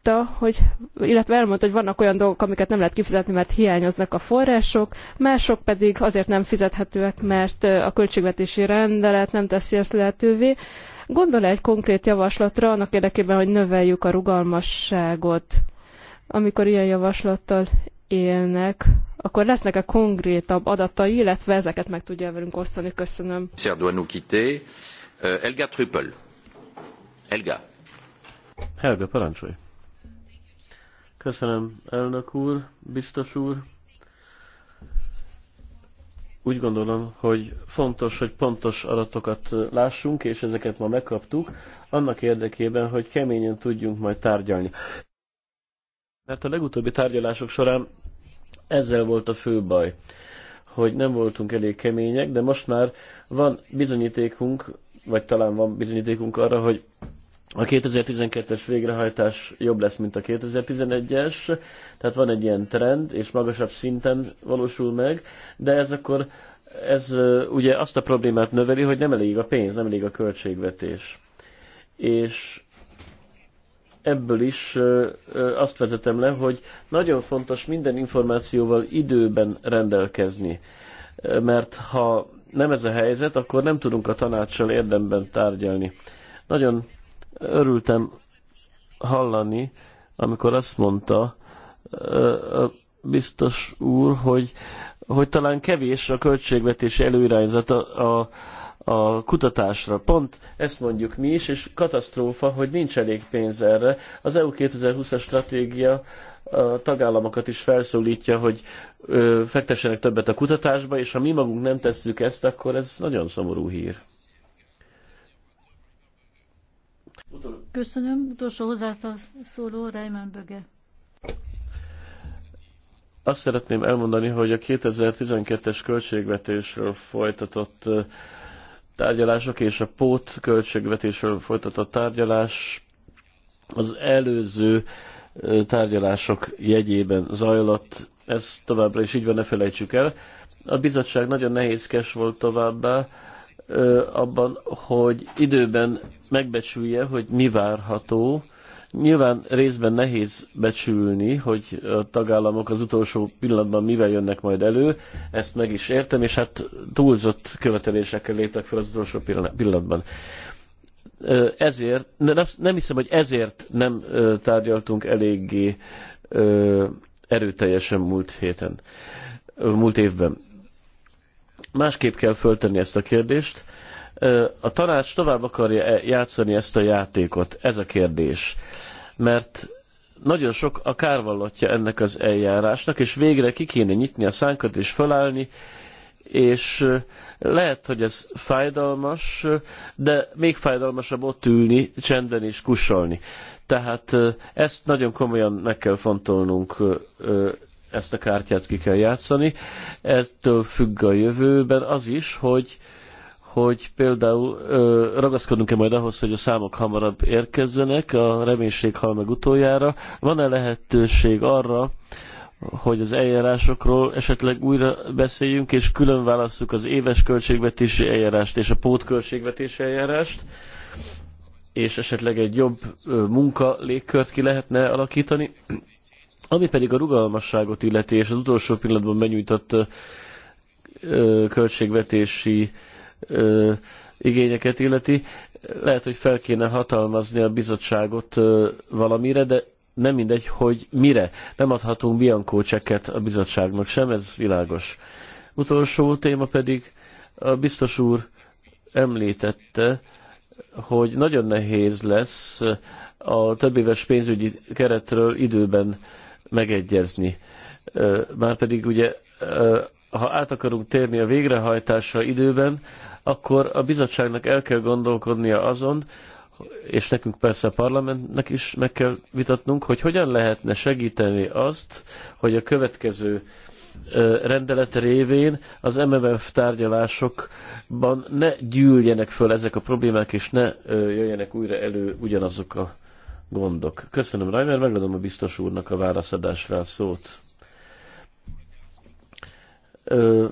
elmondta, hogy, illetve elmondta, hogy vannak olyan dolgok, amiket nem lehet kifizetni, mert hiányoznak a források, mások pedig azért nem fizethetőek, mert a költségvetési rendelet nem teszi ezt lehetővé. Gondol -e egy konkrét javaslatra annak érdekében, hogy növeljük a rugalmasságot, amikor ilyen javaslattal élnek, akkor lesznek-e konkrétabb adatai, illetve ezeket meg tudja velünk osztani. Köszönöm. Euh, Elga parancsolj. Köszönöm, elnök úr, biztos úr. Úgy gondolom, hogy fontos, hogy pontos adatokat lássunk, és ezeket ma megkaptuk, annak érdekében, hogy keményen tudjunk majd tárgyalni. Mert a legutóbbi tárgyalások során ezzel volt a fő baj, hogy nem voltunk elég kemények, de most már van bizonyítékunk, vagy talán van bizonyítékunk arra, hogy a 2012-es végrehajtás jobb lesz, mint a 2011-es, tehát van egy ilyen trend, és magasabb szinten valósul meg, de ez akkor ez ugye azt a problémát növeli, hogy nem elég a pénz, nem elég a költségvetés. És ebből is azt vezetem le, hogy nagyon fontos minden információval időben rendelkezni. Mert ha nem ez a helyzet, akkor nem tudunk a tanácssal érdemben tárgyalni. Nagyon Örültem hallani, amikor azt mondta biztos úr, hogy, hogy talán kevés a költségvetési előirányzat a, a, a kutatásra. Pont ezt mondjuk mi is, és katasztrófa, hogy nincs elég pénz erre. Az EU 2020-as stratégia a tagállamokat is felszólítja, hogy ö, fektessenek többet a kutatásba, és ha mi magunk nem tesszük ezt, akkor ez nagyon szomorú hír. Köszönöm. Utolsó hozzászóló Reimann Böge. Azt szeretném elmondani, hogy a 2012-es költségvetésről folytatott tárgyalások és a pót költségvetésről folytatott tárgyalás az előző tárgyalások jegyében zajlott. Ez továbbra is így van, ne felejtsük el. A bizottság nagyon nehézkes volt továbbá, abban, hogy időben megbecsülje, hogy mi várható. Nyilván részben nehéz becsülni, hogy a tagállamok az utolsó pillanatban mivel jönnek majd elő, ezt meg is értem, és hát túlzott követelésekkel léptek fel az utolsó pillanatban. Ezért, nem hiszem, hogy ezért nem tárgyaltunk eléggé erőteljesen múlt héten, múlt évben másképp kell föltenni ezt a kérdést. A tanács tovább akarja e- játszani ezt a játékot? Ez a kérdés. Mert nagyon sok a kárvallatja ennek az eljárásnak, és végre ki kéne nyitni a szánkat és fölállni és lehet, hogy ez fájdalmas, de még fájdalmasabb ott ülni, csendben és kusolni. Tehát ezt nagyon komolyan meg kell fontolnunk ezt a kártyát ki kell játszani. Ettől függ a jövőben az is, hogy hogy például ragaszkodunk-e majd ahhoz, hogy a számok hamarabb érkezzenek, a reménység hal meg utoljára. Van-e lehetőség arra, hogy az eljárásokról esetleg újra beszéljünk, és külön válasszuk az éves költségvetési eljárást és a pótköltségvetési eljárást, és esetleg egy jobb munka légkört ki lehetne alakítani. Ami pedig a rugalmasságot illeti, és az utolsó pillanatban benyújtott költségvetési igényeket illeti, lehet, hogy fel kéne hatalmazni a bizottságot valamire, de nem mindegy, hogy mire. Nem adhatunk biankó cseket a bizottságnak sem, ez világos. Utolsó téma pedig a biztos úr említette, hogy nagyon nehéz lesz a többéves pénzügyi keretről időben megegyezni. Márpedig ugye, ha át akarunk térni a végrehajtásra időben, akkor a bizottságnak el kell gondolkodnia azon, és nekünk persze a parlamentnek is meg kell vitatnunk, hogy hogyan lehetne segíteni azt, hogy a következő rendelet révén az MMF tárgyalásokban ne gyűljenek föl ezek a problémák, és ne jöjjenek újra elő ugyanazok a gondok. Köszönöm, Rainer, megadom a biztos úrnak a válaszadásra a szót. Ö,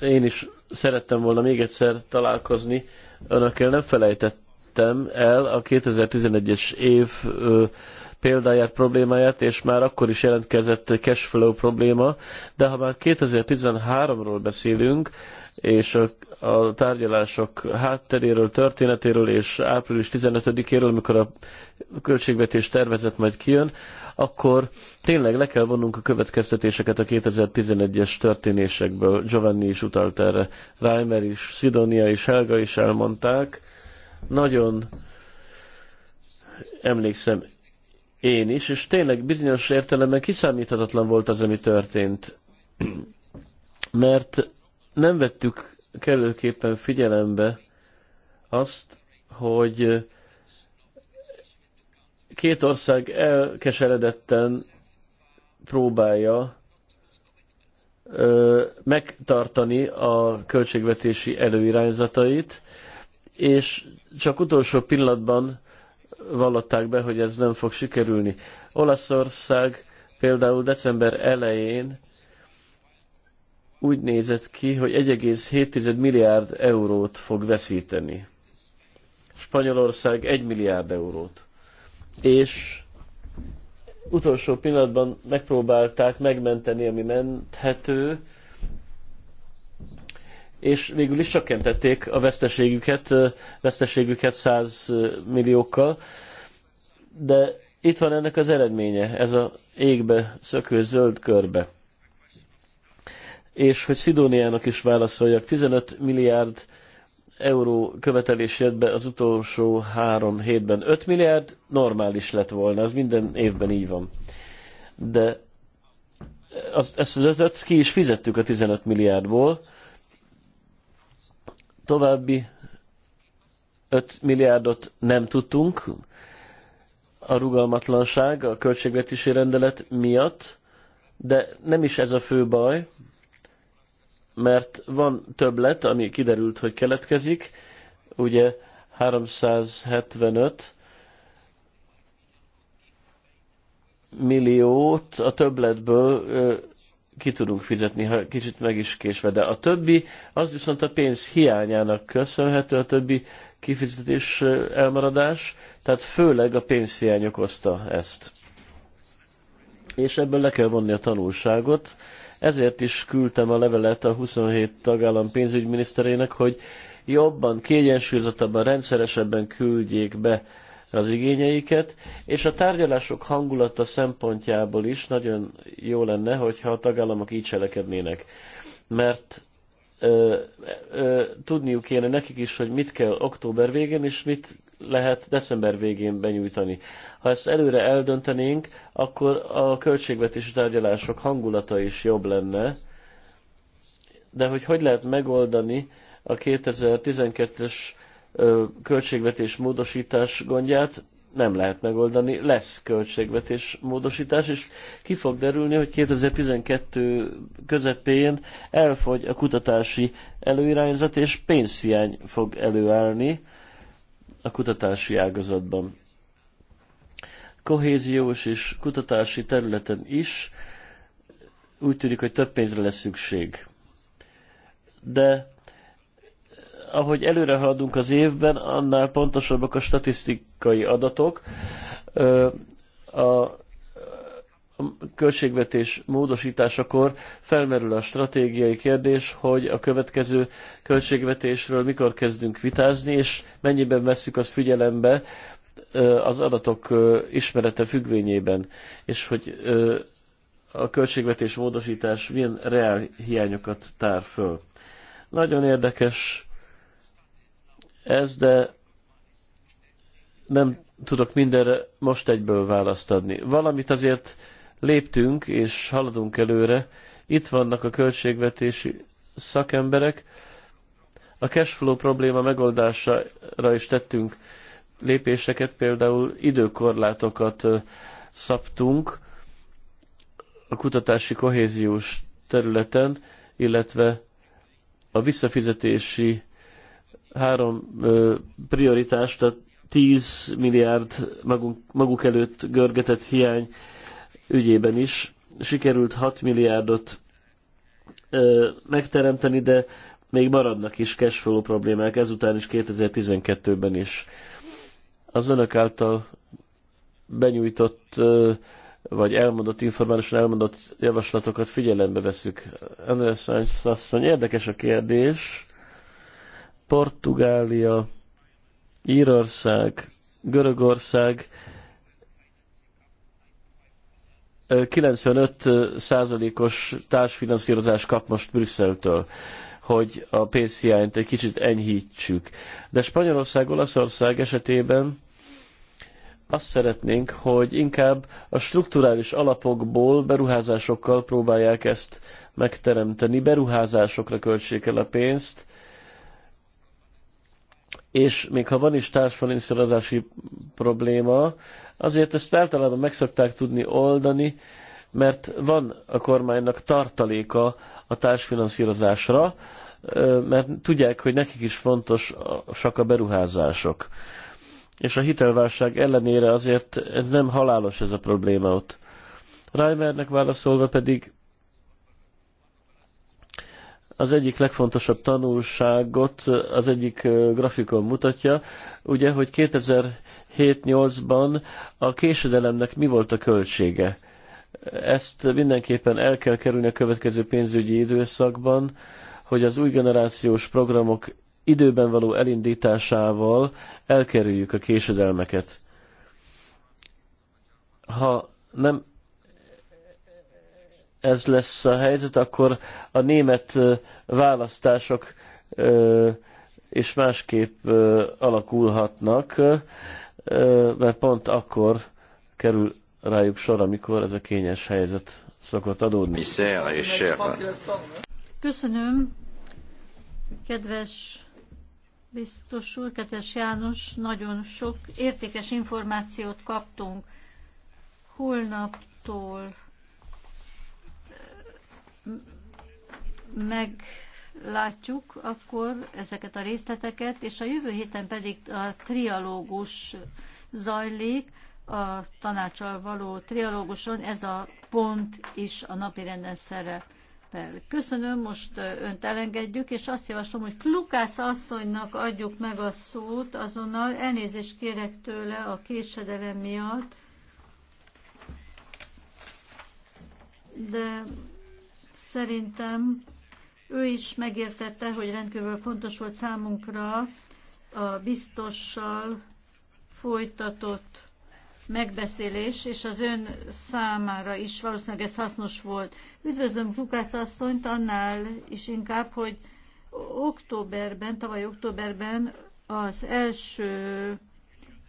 én is szerettem volna még egyszer találkozni önökkel, nem felejtettem el a 2011-es év ö, példáját, problémáját, és már akkor is jelentkezett cashflow probléma, de ha már 2013-ról beszélünk, és a, a tárgyalások hátteréről, történetéről és április 15-éről, amikor a költségvetés tervezet majd kijön, akkor tényleg le kell vonnunk a következtetéseket a 2011-es történésekből. Giovanni is utalt erre, Reimer is, Sidonia is, Helga is elmondták. Nagyon emlékszem én is, és tényleg bizonyos értelemben kiszámíthatatlan volt az, ami történt. Mert nem vettük kellőképpen figyelembe azt, hogy két ország elkeseredetten próbálja megtartani a költségvetési előirányzatait, és csak utolsó pillanatban vallották be, hogy ez nem fog sikerülni. Olaszország például december elején úgy nézett ki, hogy 1,7 milliárd eurót fog veszíteni. Spanyolország 1 milliárd eurót. És utolsó pillanatban megpróbálták megmenteni, ami menthető, és végül is csökkentették a veszteségüket, veszteségüket 100 milliókkal, de itt van ennek az eredménye, ez a égbe szökő zöld körbe és hogy Szidóniának is válaszoljak, 15 milliárd euró követelés jött be az utolsó három hétben. 5 milliárd normális lett volna, az minden évben így van. De az, ezt az ötöt ki is fizettük a 15 milliárdból. További 5 milliárdot nem tudtunk a rugalmatlanság, a költségvetési rendelet miatt, de nem is ez a fő baj, mert van többlet, ami kiderült, hogy keletkezik, ugye 375 milliót a többletből ö, ki tudunk fizetni, ha kicsit meg is késve, de a többi, az viszont a pénz hiányának köszönhető, a többi kifizetés elmaradás, tehát főleg a pénzhiány okozta ezt. És ebből le kell vonni a tanulságot, ezért is küldtem a levelet a 27 tagállam pénzügyminiszterének, hogy jobban, kiegyensúlyozottabban, rendszeresebben küldjék be az igényeiket, és a tárgyalások hangulata szempontjából is nagyon jó lenne, hogyha a tagállamok így cselekednének. Mert ö, ö, tudniuk kéne nekik is, hogy mit kell október végén, és mit lehet december végén benyújtani. Ha ezt előre eldöntenénk, akkor a költségvetési tárgyalások hangulata is jobb lenne, de hogy hogy lehet megoldani a 2012-es költségvetés módosítás gondját, nem lehet megoldani. Lesz költségvetés módosítás, és ki fog derülni, hogy 2012 közepén elfogy a kutatási előirányzat, és pénzhiány fog előállni a kutatási ágazatban. Kohéziós és kutatási területen is úgy tűnik, hogy több pénzre lesz szükség. De ahogy előre haladunk az évben, annál pontosabbak a statisztikai adatok. A a költségvetés módosításakor felmerül a stratégiai kérdés, hogy a következő költségvetésről mikor kezdünk vitázni, és mennyiben veszük azt figyelembe az adatok ismerete függvényében, és hogy a költségvetés módosítás milyen reál hiányokat tár föl. Nagyon érdekes ez, de nem tudok mindenre most egyből választ adni. Valamit azért léptünk és haladunk előre. Itt vannak a költségvetési szakemberek. A cashflow probléma megoldására is tettünk lépéseket, például időkorlátokat szabtunk a kutatási kohéziós területen, illetve a visszafizetési három prioritást, a 10 milliárd magunk, maguk előtt görgetett hiány ügyében is sikerült 6 milliárdot ö, megteremteni, de még maradnak is cashflow problémák, ezután is 2012-ben is. Az önök által benyújtott ö, vagy elmondott informálisan elmondott javaslatokat figyelembe veszük. András Sánchez asszony, érdekes a kérdés. Portugália, Írország, Görögország 95%-os társfinanszírozást kap most Brüsszeltől, hogy a PCI-t egy kicsit enyhítsük. De Spanyolország, Olaszország esetében azt szeretnénk, hogy inkább a strukturális alapokból beruházásokkal próbálják ezt megteremteni, beruházásokra költsék el a pénzt, és még ha van is társfinanszírozási probléma, azért ezt általában meg szokták tudni oldani, mert van a kormánynak tartaléka a társfinanszírozásra, mert tudják, hogy nekik is fontosak a beruházások. És a hitelválság ellenére azért ez nem halálos ez a probléma ott. Reimernek válaszolva pedig az egyik legfontosabb tanulságot az egyik grafikon mutatja, ugye, hogy 2007-8-ban a késedelemnek mi volt a költsége. Ezt mindenképpen el kell kerülni a következő pénzügyi időszakban, hogy az új generációs programok időben való elindításával elkerüljük a késedelmeket. Ha nem ez lesz a helyzet, akkor a német választások és másképp alakulhatnak, mert pont akkor kerül rájuk sor, amikor ez a kényes helyzet szokott adódni. Köszönöm, kedves biztos úr, kedves János, nagyon sok értékes információt kaptunk holnaptól meglátjuk akkor ezeket a részleteket, és a jövő héten pedig a trialógus zajlik, a tanácsal való trialóguson ez a pont is a napirenden szerepel. Köszönöm, most önt elengedjük, és azt javaslom, hogy Lukász asszonynak adjuk meg a szót azonnal. Elnézést kérek tőle a késedelem miatt. De Szerintem ő is megértette, hogy rendkívül fontos volt számunkra a biztossal folytatott megbeszélés, és az ön számára is valószínűleg ez hasznos volt. Üdvözlöm Lukász asszonyt annál is inkább, hogy októberben, tavaly októberben az első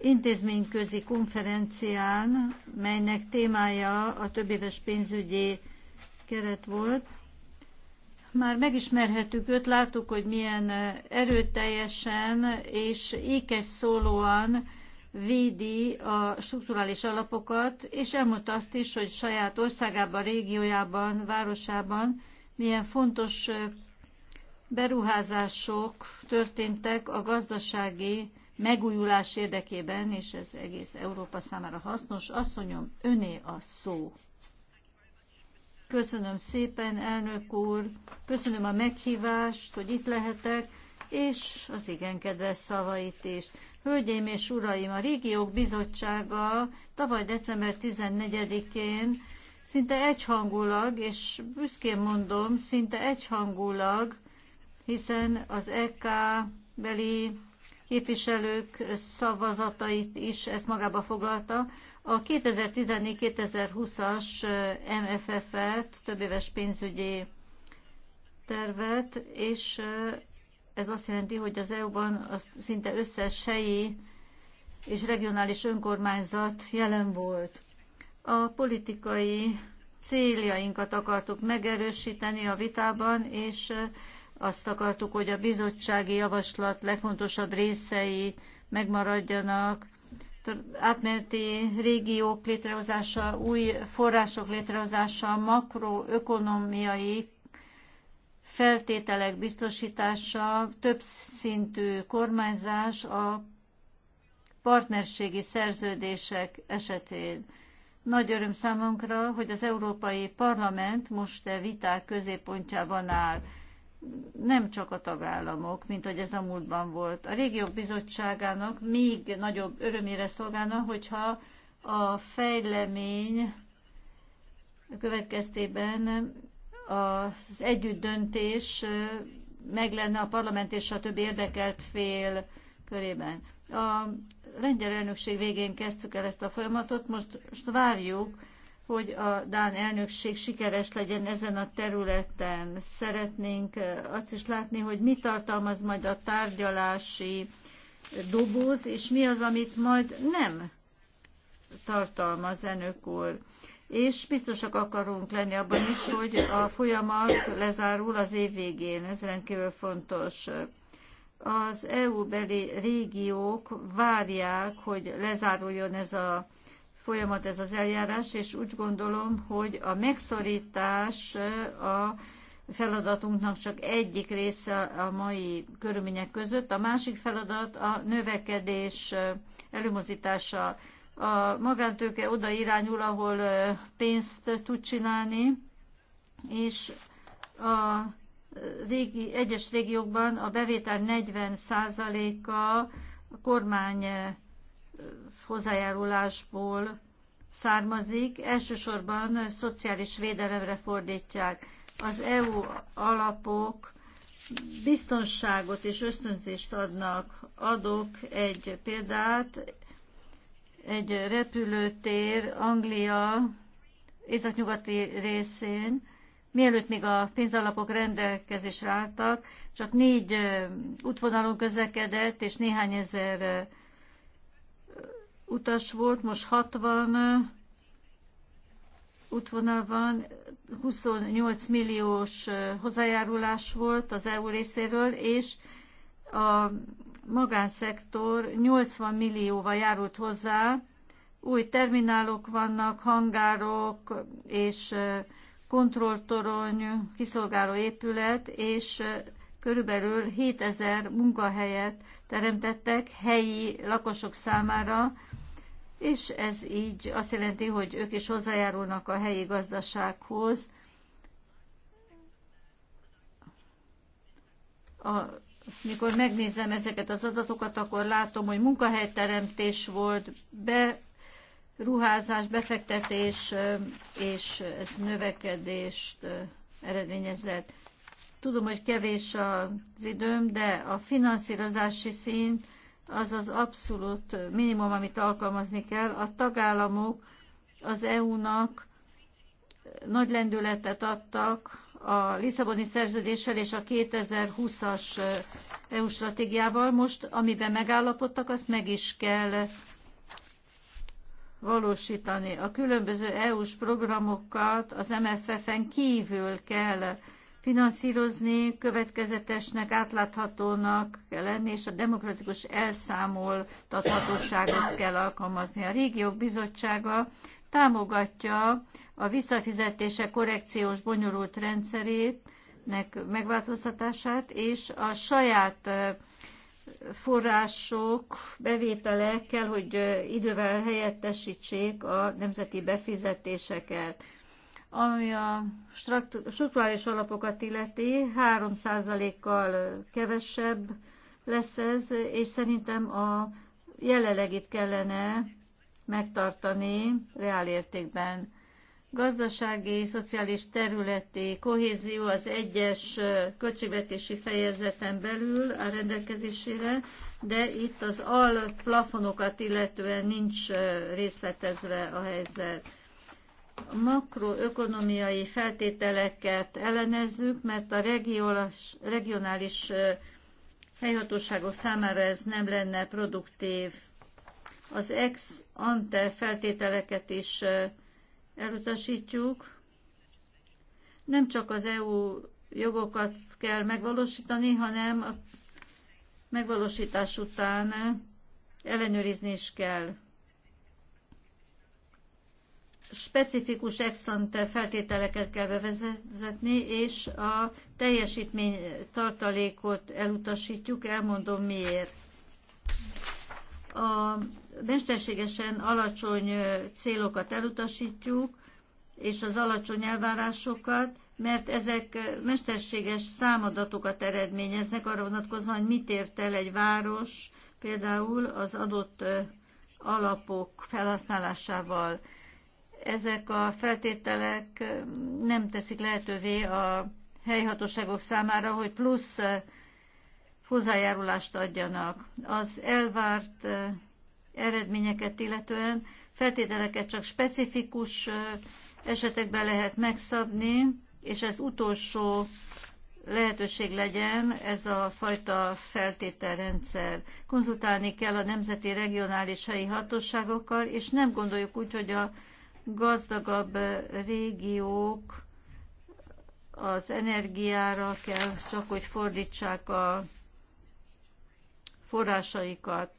intézményközi konferencián, melynek témája a többéves pénzügyi keret volt, már megismerhettük őt, láttuk, hogy milyen erőteljesen és ékes szólóan védi a strukturális alapokat, és elmondta azt is, hogy saját országában, régiójában, városában milyen fontos beruházások történtek a gazdasági megújulás érdekében, és ez egész Európa számára hasznos. Asszonyom, öné a szó. Köszönöm szépen, elnök úr, köszönöm a meghívást, hogy itt lehetek, és az igen kedves szavait is. Hölgyeim és uraim, a Régiók Bizottsága tavaly december 14-én szinte egyhangulag, és büszkén mondom, szinte egyhangulag, hiszen az EK beli képviselők szavazatait is ezt magába foglalta. A 2014-2020-as MFF-et, többéves pénzügyi tervet, és ez azt jelenti, hogy az EU-ban az szinte összes helyi és regionális önkormányzat jelen volt. A politikai céljainkat akartuk megerősíteni a vitában, és azt akartuk, hogy a bizottsági javaslat legfontosabb részei megmaradjanak, átmeneti régiók létrehozása, új források létrehozása, makroökonomiai feltételek biztosítása, többszintű kormányzás a partnerségi szerződések esetén. Nagy öröm számunkra, hogy az Európai Parlament most a e viták középpontjában áll nem csak a tagállamok, mint hogy ez a múltban volt. A régiók bizottságának még nagyobb örömére szolgálna, hogyha a fejlemény következtében az együttdöntés meg lenne a parlament és a több érdekelt fél körében. A lengyel elnökség végén kezdtük el ezt a folyamatot, most, most várjuk hogy a Dán elnökség sikeres legyen ezen a területen. Szeretnénk azt is látni, hogy mi tartalmaz majd a tárgyalási doboz, és mi az, amit majd nem tartalmaz, elnök úr. És biztosak akarunk lenni abban is, hogy a folyamat lezárul az év végén. Ez rendkívül fontos az EU-beli régiók várják, hogy lezáruljon ez a folyamat ez az eljárás, és úgy gondolom, hogy a megszorítás a feladatunknak csak egyik része a mai körülmények között, a másik feladat a növekedés előmozítása. A magántőke oda irányul, ahol pénzt tud csinálni, és a régi, egyes régiókban a bevétel 40%-a a kormány hozzájárulásból származik, elsősorban szociális védelemre fordítják. Az EU alapok biztonságot és ösztönzést adnak. Adok egy példát, egy repülőtér Anglia északnyugati részén, mielőtt még a pénzalapok rendelkezésre álltak, csak négy útvonalon közlekedett, és néhány ezer utas volt, most 60 útvonal van, 28 milliós hozzájárulás volt az EU részéről, és a magánszektor 80 millióval járult hozzá, új terminálok vannak, hangárok és kontrolltorony, kiszolgáló épület, és körülbelül 7000 munkahelyet teremtettek helyi lakosok számára, és ez így azt jelenti, hogy ők is hozzájárulnak a helyi gazdasághoz. A, mikor megnézem ezeket az adatokat, akkor látom, hogy munkahelyteremtés volt, beruházás, befektetés, és ez növekedést eredményezett. Tudom, hogy kevés az időm, de a finanszírozási szint az az abszolút minimum, amit alkalmazni kell. A tagállamok az EU-nak nagy lendületet adtak a Lisszaboni szerződéssel és a 2020-as EU stratégiával. Most, amiben megállapodtak, azt meg is kell valósítani. A különböző EU-s programokat az MFF-en kívül kell finanszírozni, következetesnek, átláthatónak kell lenni, és a demokratikus elszámoltathatóságot kell alkalmazni. A régiók bizottsága támogatja a visszafizetése korrekciós bonyolult rendszerét, megváltoztatását, és a saját források, bevételek kell, hogy idővel helyettesítsék a nemzeti befizetéseket. Ami a strukturális alapokat illeti, 3%-kal kevesebb lesz ez, és szerintem a jelenlegit kellene megtartani reálértékben. Gazdasági, szociális területi kohézió az egyes költségvetési fejezeten belül a rendelkezésére, de itt az alplafonokat illetően nincs részletezve a helyzet makroökonomiai feltételeket ellenezzük, mert a regionális, regionális helyhatóságok számára ez nem lenne produktív. Az ex ante feltételeket is elutasítjuk. Nem csak az EU jogokat kell megvalósítani, hanem a megvalósítás után ellenőrizni is kell specifikus exante feltételeket kell bevezetni, és a teljesítmény tartalékot elutasítjuk, elmondom miért. A mesterségesen alacsony célokat elutasítjuk, és az alacsony elvárásokat, mert ezek mesterséges számadatokat eredményeznek arra vonatkozóan, hogy mit ért el egy város, például az adott alapok felhasználásával ezek a feltételek nem teszik lehetővé a helyhatóságok számára, hogy plusz hozzájárulást adjanak. Az elvárt eredményeket illetően feltételeket csak specifikus esetekben lehet megszabni, és ez utolsó lehetőség legyen ez a fajta feltételrendszer. Konzultálni kell a nemzeti regionális helyi hatóságokkal, és nem gondoljuk úgy, hogy a gazdagabb eh, régiók az energiára kell csak, hogy fordítsák a forrásaikat.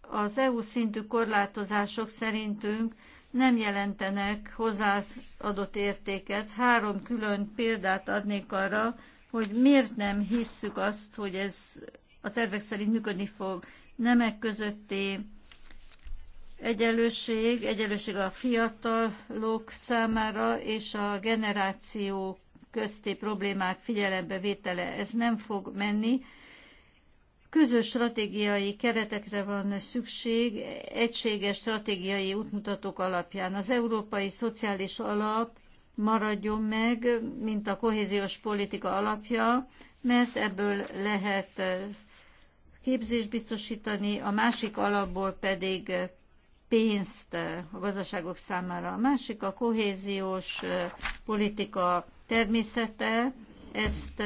Az EU szintű korlátozások szerintünk nem jelentenek hozzáadott értéket. Három külön példát adnék arra, hogy miért nem hisszük azt, hogy ez a tervek szerint működni fog. Nemek közötti egyenlőség, egyenlőség a fiatalok számára és a generáció közti problémák figyelembe vétele. Ez nem fog menni. Közös stratégiai keretekre van szükség, egységes stratégiai útmutatók alapján. Az Európai Szociális Alap maradjon meg, mint a kohéziós politika alapja, mert ebből lehet képzést biztosítani, a másik alapból pedig pénzt a gazdaságok számára. A másik a kohéziós politika természete, ezt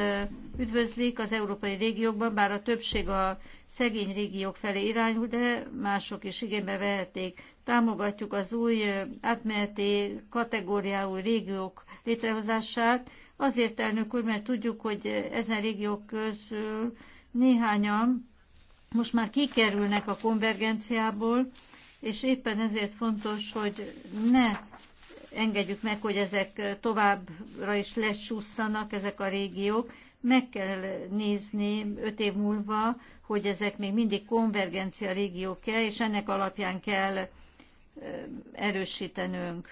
üdvözlik az európai régiókban, bár a többség a szegény régiók felé irányul, de mások is igénybe vehetik. Támogatjuk az új átmeneti kategóriájú régiók létrehozását, azért elnök úr, mert tudjuk, hogy ezen régiók közül néhányan most már kikerülnek a konvergenciából, és éppen ezért fontos, hogy ne engedjük meg, hogy ezek továbbra is lesúszanak, ezek a régiók. Meg kell nézni öt év múlva, hogy ezek még mindig konvergencia régiók-e, és ennek alapján kell erősítenünk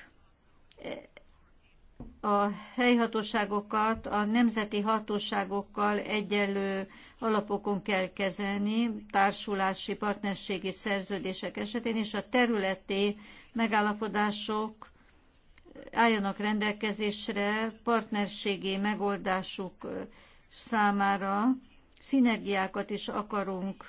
a helyhatóságokat a nemzeti hatóságokkal egyenlő alapokon kell kezelni, társulási, partnerségi szerződések esetén, és a területi megállapodások álljanak rendelkezésre partnerségi megoldásuk számára. Szinergiákat is akarunk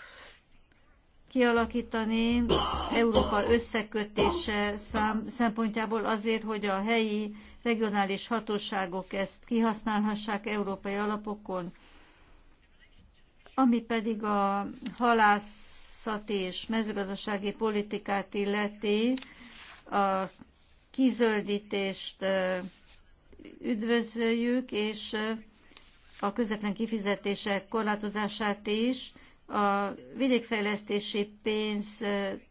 kialakítani Európa összekötése szám, szempontjából azért, hogy a helyi regionális hatóságok ezt kihasználhassák európai alapokon. Ami pedig a halászati és mezőgazdasági politikát illeti, a kizöldítést üdvözöljük, és a közvetlen kifizetések korlátozását is. A vidékfejlesztési pénz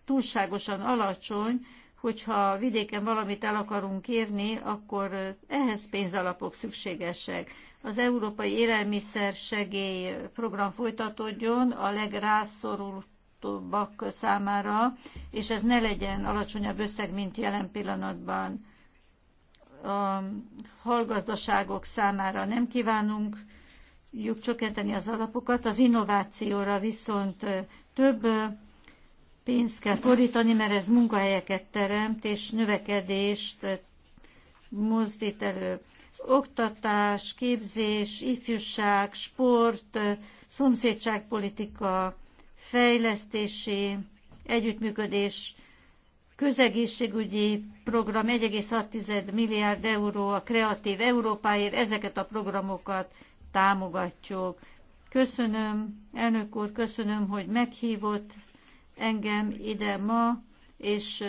túlságosan alacsony, hogyha vidéken valamit el akarunk kérni, akkor ehhez pénzalapok szükségesek. Az Európai Élelmiszer Segély program folytatódjon a legrászorultabbak számára, és ez ne legyen alacsonyabb összeg, mint jelen pillanatban. A hallgazdaságok számára nem kívánunk csökkenteni az alapokat, az innovációra viszont több pénzt kell fordítani, mert ez munkahelyeket teremt, és növekedést mozdít elő. Oktatás, képzés, ifjúság, sport, szomszédságpolitika, fejlesztési, együttműködés, közegészségügyi program 1,6 milliárd euró a Kreatív Európáért, ezeket a programokat támogatjuk. Köszönöm, elnök úr, köszönöm, hogy meghívott, engem ide ma, és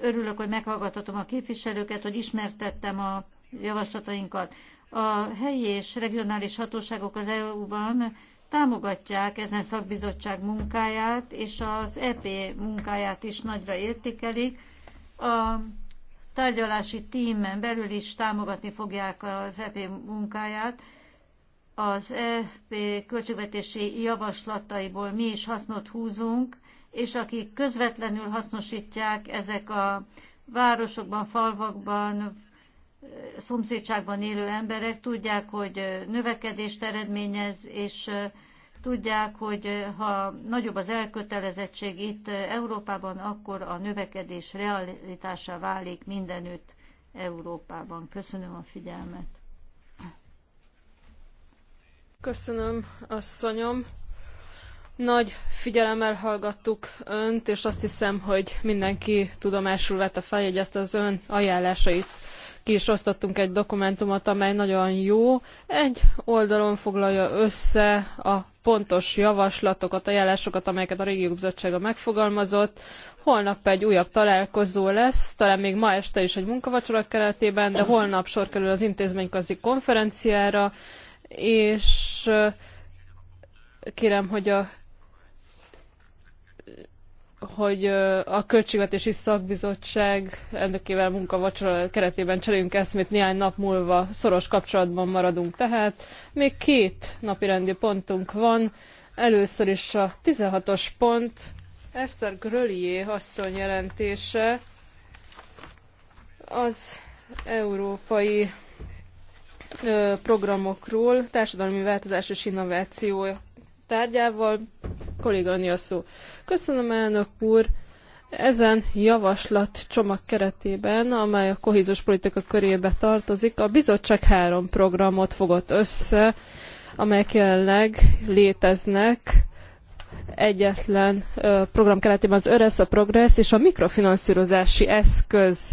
örülök, hogy meghallgathatom a képviselőket, hogy ismertettem a javaslatainkat. A helyi és regionális hatóságok az EU-ban támogatják ezen szakbizottság munkáját, és az EP munkáját is nagyra értékelik. A tárgyalási tímen belül is támogatni fogják az EP munkáját. Az EP költségvetési javaslataiból mi is hasznot húzunk, és akik közvetlenül hasznosítják ezek a városokban, falvakban, szomszédságban élő emberek, tudják, hogy növekedést eredményez, és tudják, hogy ha nagyobb az elkötelezettség itt Európában, akkor a növekedés realitása válik mindenütt Európában. Köszönöm a figyelmet. Köszönöm, asszonyom. Nagy figyelemmel hallgattuk önt, és azt hiszem, hogy mindenki tudomásul vette feljegyezte az ön ajánlásait. Ki is osztottunk egy dokumentumot, amely nagyon jó. Egy oldalon foglalja össze a pontos javaslatokat, ajánlásokat, amelyeket a Régiók Bizottsága megfogalmazott. Holnap egy újabb találkozó lesz, talán még ma este is egy munkavacsora keretében, de holnap sor kerül az intézményközi konferenciára, és kérem, hogy a hogy a Költségvetési Szakbizottság elnökével munkavacsora keretében cserélünk eszmét néhány nap múlva, szoros kapcsolatban maradunk tehát. Még két napi rendi pontunk van. Először is a 16-os pont, Eszter Grölié asszony jelentése az európai programokról, társadalmi változás és innováció tárgyával kolléganő a szó. Köszönöm, elnök úr! Ezen javaslat csomag keretében, amely a kohézós politika körébe tartozik, a bizottság három programot fogott össze, amelyek jelenleg léteznek egyetlen program keretében az ÖRESZ, a PROGRESS és a mikrofinanszírozási eszköz.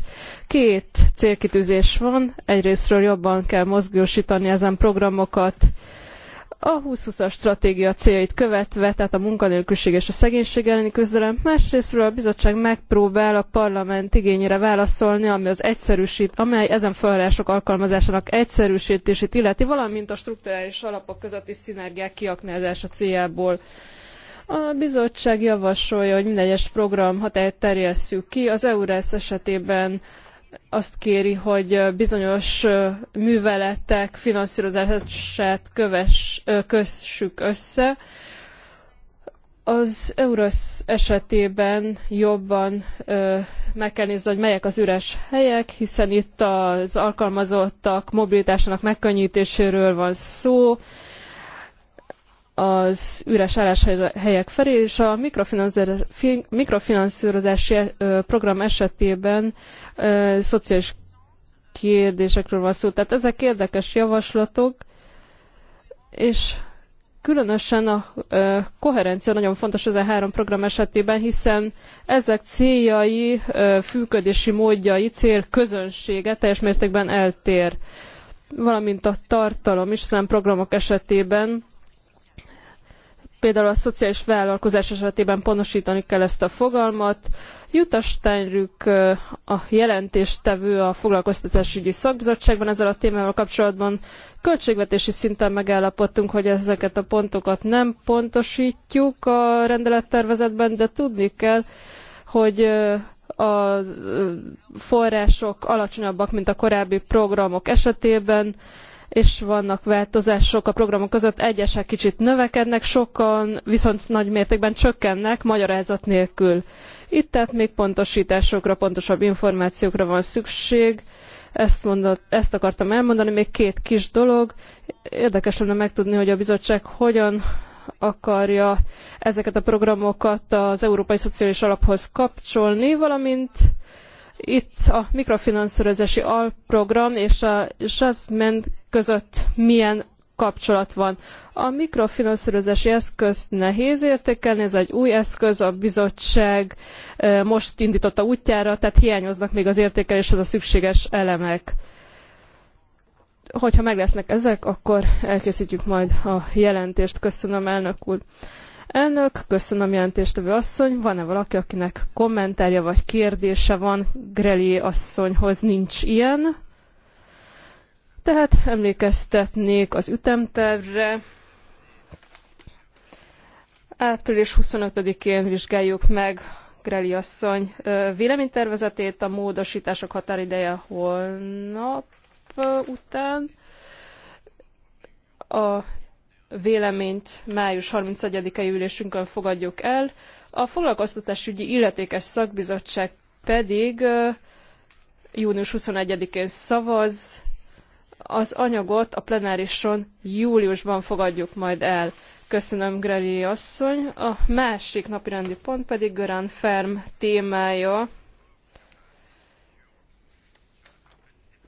Két célkitűzés van, egyrésztről jobban kell mozgósítani ezen programokat, a 2020-as stratégia céljait követve, tehát a munkanélküliség és a szegénység elleni küzdelem, másrésztről a bizottság megpróbál a parlament igényére válaszolni, ami az egyszerűsít, amely ezen források alkalmazásának egyszerűsítését illeti, valamint a strukturális alapok közötti szinergiák kiaknázása céljából. A bizottság javasolja, hogy mindegyes egyes program hatályt terjesszük ki. Az EURES esetében azt kéri, hogy bizonyos műveletek finanszírozását köves, kössük össze. Az Eurosz esetében jobban ö, meg kell nézni, hogy melyek az üres helyek, hiszen itt az alkalmazottak mobilitásának megkönnyítéséről van szó, ö, az üres álláshelyek felé, és a mikrofinanszírozási program esetében szociális kérdésekről van szó. Tehát ezek érdekes javaslatok, és különösen a koherencia nagyon fontos ezen három program esetében, hiszen ezek céljai, ö, fűködési módjai, cél közönsége teljes mértékben eltér, valamint a tartalom is, hiszen programok esetében például a szociális vállalkozás esetében pontosítani kell ezt a fogalmat. Jutta Steinrück a jelentéstevő a foglalkoztatásügyi szakbizottságban ezzel a témával kapcsolatban költségvetési szinten megállapodtunk, hogy ezeket a pontokat nem pontosítjuk a rendelettervezetben, de tudni kell, hogy a források alacsonyabbak, mint a korábbi programok esetében, és vannak változások a programok között, egyesek kicsit növekednek, sokan viszont nagy mértékben csökkennek magyarázat nélkül. Itt tehát még pontosításokra, pontosabb információkra van szükség. Ezt, mondott, ezt akartam elmondani, még két kis dolog. Érdekes lenne megtudni, hogy a bizottság hogyan akarja ezeket a programokat az Európai Szociális Alaphoz kapcsolni, valamint itt a mikrofinanszírozási alprogram és a Jasmine között milyen kapcsolat van. A mikrofinanszírozási eszközt nehéz értékelni, ez egy új eszköz, a bizottság most indította útjára, tehát hiányoznak még az értékeléshez a szükséges elemek. Hogyha meg lesznek ezek, akkor elkészítjük majd a jelentést. Köszönöm, elnök úr. Elnök, köszönöm jelentéstevő asszony. Van-e valaki, akinek kommentárja vagy kérdése van Greli asszonyhoz? Nincs ilyen. Tehát emlékeztetnék az ütemtervre. Április 25-én vizsgáljuk meg Greli asszony véleménytervezetét, a módosítások határideje holnap után. A véleményt május 31-i ülésünkön fogadjuk el. A foglalkoztatásügyi illetékes szakbizottság pedig június 21-én szavaz, az anyagot a plenárison júliusban fogadjuk majd el. Köszönöm, Greli asszony. A másik napirendi pont pedig Görán Ferm témája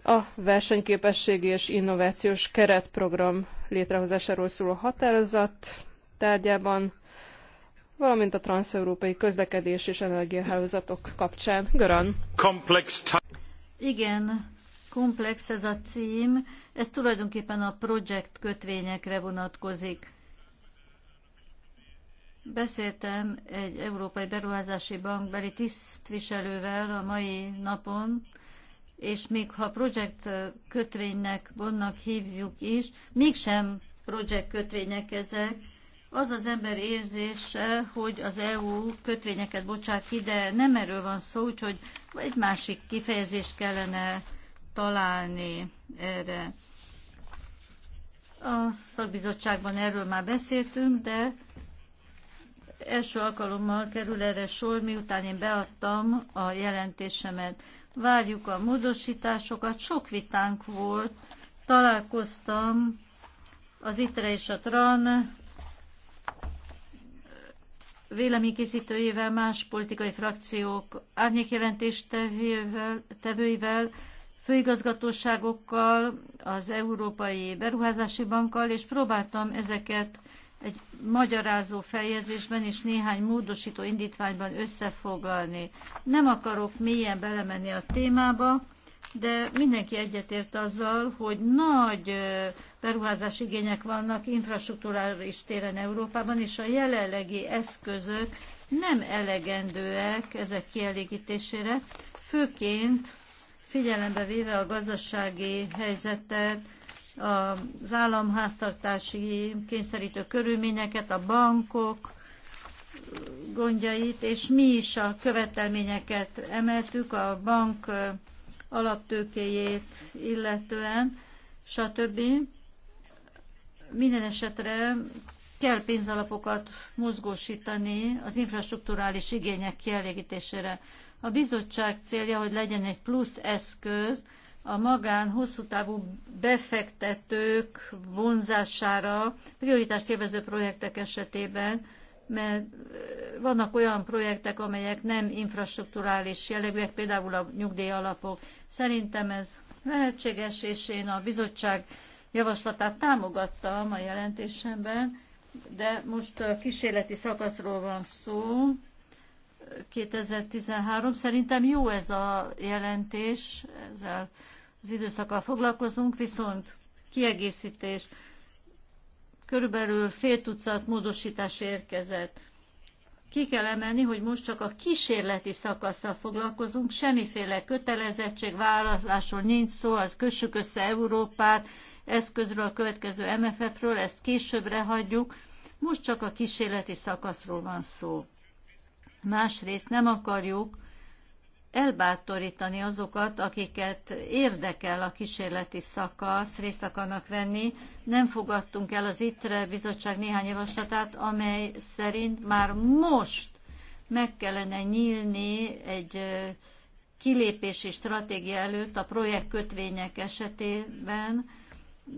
a versenyképességi és innovációs keretprogram létrehozásáról szóló határozat tárgyában, valamint a transzeurópai közlekedés és energiahálózatok kapcsán. Göran. Igen, komplex ez a cím, ez tulajdonképpen a projekt kötvényekre vonatkozik. Beszéltem egy Európai Beruházási Bank beli tisztviselővel a mai napon, és még ha projekt kötvénynek vannak hívjuk is, mégsem projekt kötvények ezek. Az az ember érzése, hogy az EU kötvényeket bocsát ki, de nem erről van szó, úgyhogy egy másik kifejezést kellene találni erre. A szakbizottságban erről már beszéltünk, de első alkalommal kerül erre sor, miután én beadtam a jelentésemet. Várjuk a módosításokat, sok vitánk volt, találkoztam az ITRE és a TRAN véleménykészítőjével, más politikai frakciók árnyékjelentéstevőivel, főigazgatóságokkal, az Európai Beruházási Bankkal, és próbáltam ezeket egy magyarázó feljegyzésben és néhány módosító indítványban összefoglalni. Nem akarok mélyen belemenni a témába, de mindenki egyetért azzal, hogy nagy beruházási igények vannak infrastruktúrális téren Európában, és a jelenlegi eszközök nem elegendőek ezek kielégítésére, főként figyelembe véve a gazdasági helyzetet, az államháztartási kényszerítő körülményeket, a bankok gondjait, és mi is a követelményeket emeltük a bank alaptőkéjét illetően, stb. Minden esetre kell pénzalapokat mozgósítani az infrastruktúrális igények kielégítésére. A bizottság célja, hogy legyen egy plusz eszköz a magán hosszú távú befektetők vonzására, prioritást élvező projektek esetében, mert vannak olyan projektek, amelyek nem infrastruktúrális jellegűek, például a nyugdíjalapok. Szerintem ez lehetséges, és én a bizottság javaslatát támogattam a jelentésemben, de most a kísérleti szakaszról van szó, 2013. Szerintem jó ez a jelentés, ezzel az időszakkal foglalkozunk, viszont kiegészítés. Körülbelül fél tucat módosítás érkezett. Ki kell emelni, hogy most csak a kísérleti szakaszsal foglalkozunk, semmiféle kötelezettség, vállalásról nincs szó, az kössük össze Európát, eszközről, a következő MFF-ről, ezt későbbre hagyjuk. Most csak a kísérleti szakaszról van szó másrészt nem akarjuk elbátorítani azokat, akiket érdekel a kísérleti szakasz, részt akarnak venni. Nem fogadtunk el az ITRE bizottság néhány javaslatát, amely szerint már most meg kellene nyílni egy kilépési stratégia előtt a projektkötvények esetében,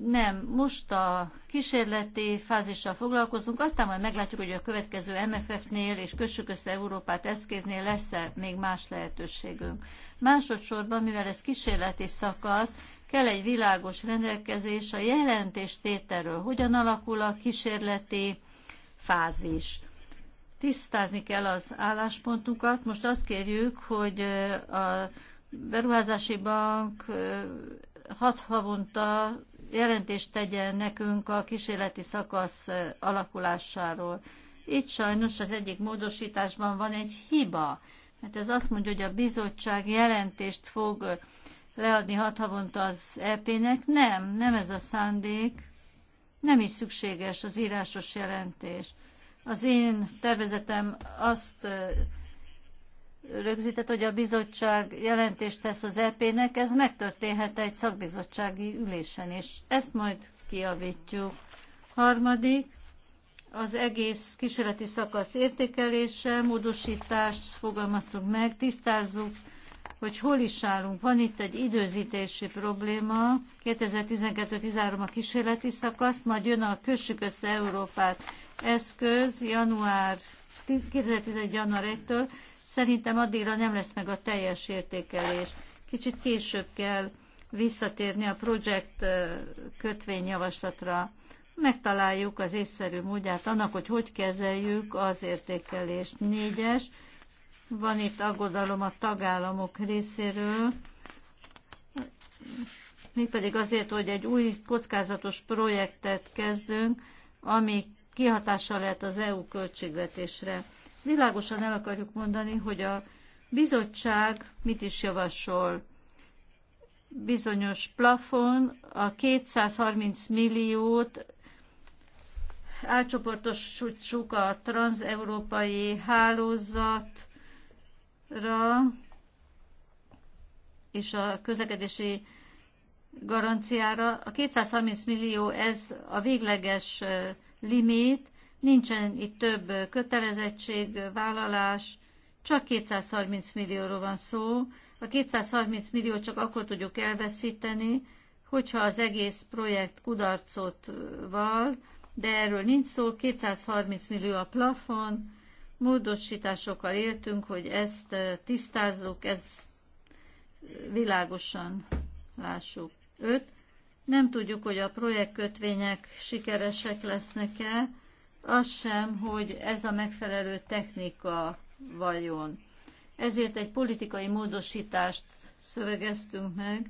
nem, most a kísérleti fázissal foglalkozunk, aztán majd meglátjuk, hogy a következő MFF-nél és Kössük össze Európát eszkéznél lesz-e még más lehetőségünk. Másodszorban, mivel ez kísérleti szakasz, kell egy világos rendelkezés a jelentéstételről, hogyan alakul a kísérleti fázis. Tisztázni kell az álláspontunkat. Most azt kérjük, hogy a beruházási bank hat havonta jelentést tegyen nekünk a kísérleti szakasz alakulásáról. Itt sajnos az egyik módosításban van egy hiba, mert hát ez azt mondja, hogy a bizottság jelentést fog leadni hat havonta az EP-nek. Nem, nem ez a szándék. Nem is szükséges az írásos jelentés. Az én tervezetem azt rögzített, hogy a bizottság jelentést tesz az EP-nek, ez megtörténhet egy szakbizottsági ülésen is. Ezt majd kiavítjuk. Harmadik, az egész kísérleti szakasz értékelése, módosítást fogalmaztunk meg, tisztázzuk, hogy hol is állunk. Van itt egy időzítési probléma, 2012-13 a kísérleti szakasz, majd jön a Kössük össze Európát eszköz január 2011. január 1-től, Szerintem addigra nem lesz meg a teljes értékelés. Kicsit később kell visszatérni a projekt kötvényjavaslatra. Megtaláljuk az észszerű módját annak, hogy hogy kezeljük az értékelést. Négyes, van itt aggodalom a tagállamok részéről, mégpedig azért, hogy egy új kockázatos projektet kezdünk, ami kihatással lehet az EU költségvetésre világosan el akarjuk mondani, hogy a bizottság mit is javasol. Bizonyos plafon a 230 milliót átcsoportosítsuk a transeurópai hálózatra, és a közlekedési garanciára. A 230 millió ez a végleges limit, Nincsen itt több kötelezettség, vállalás, csak 230 millióról van szó. A 230 millió csak akkor tudjuk elveszíteni, hogyha az egész projekt kudarcot val, de erről nincs szó, 230 millió a plafon, módosításokkal éltünk, hogy ezt tisztázzuk, ez világosan lássuk. 5. Nem tudjuk, hogy a projektkötvények sikeresek lesznek-e, az sem, hogy ez a megfelelő technika vajon. Ezért egy politikai módosítást szövegeztünk meg.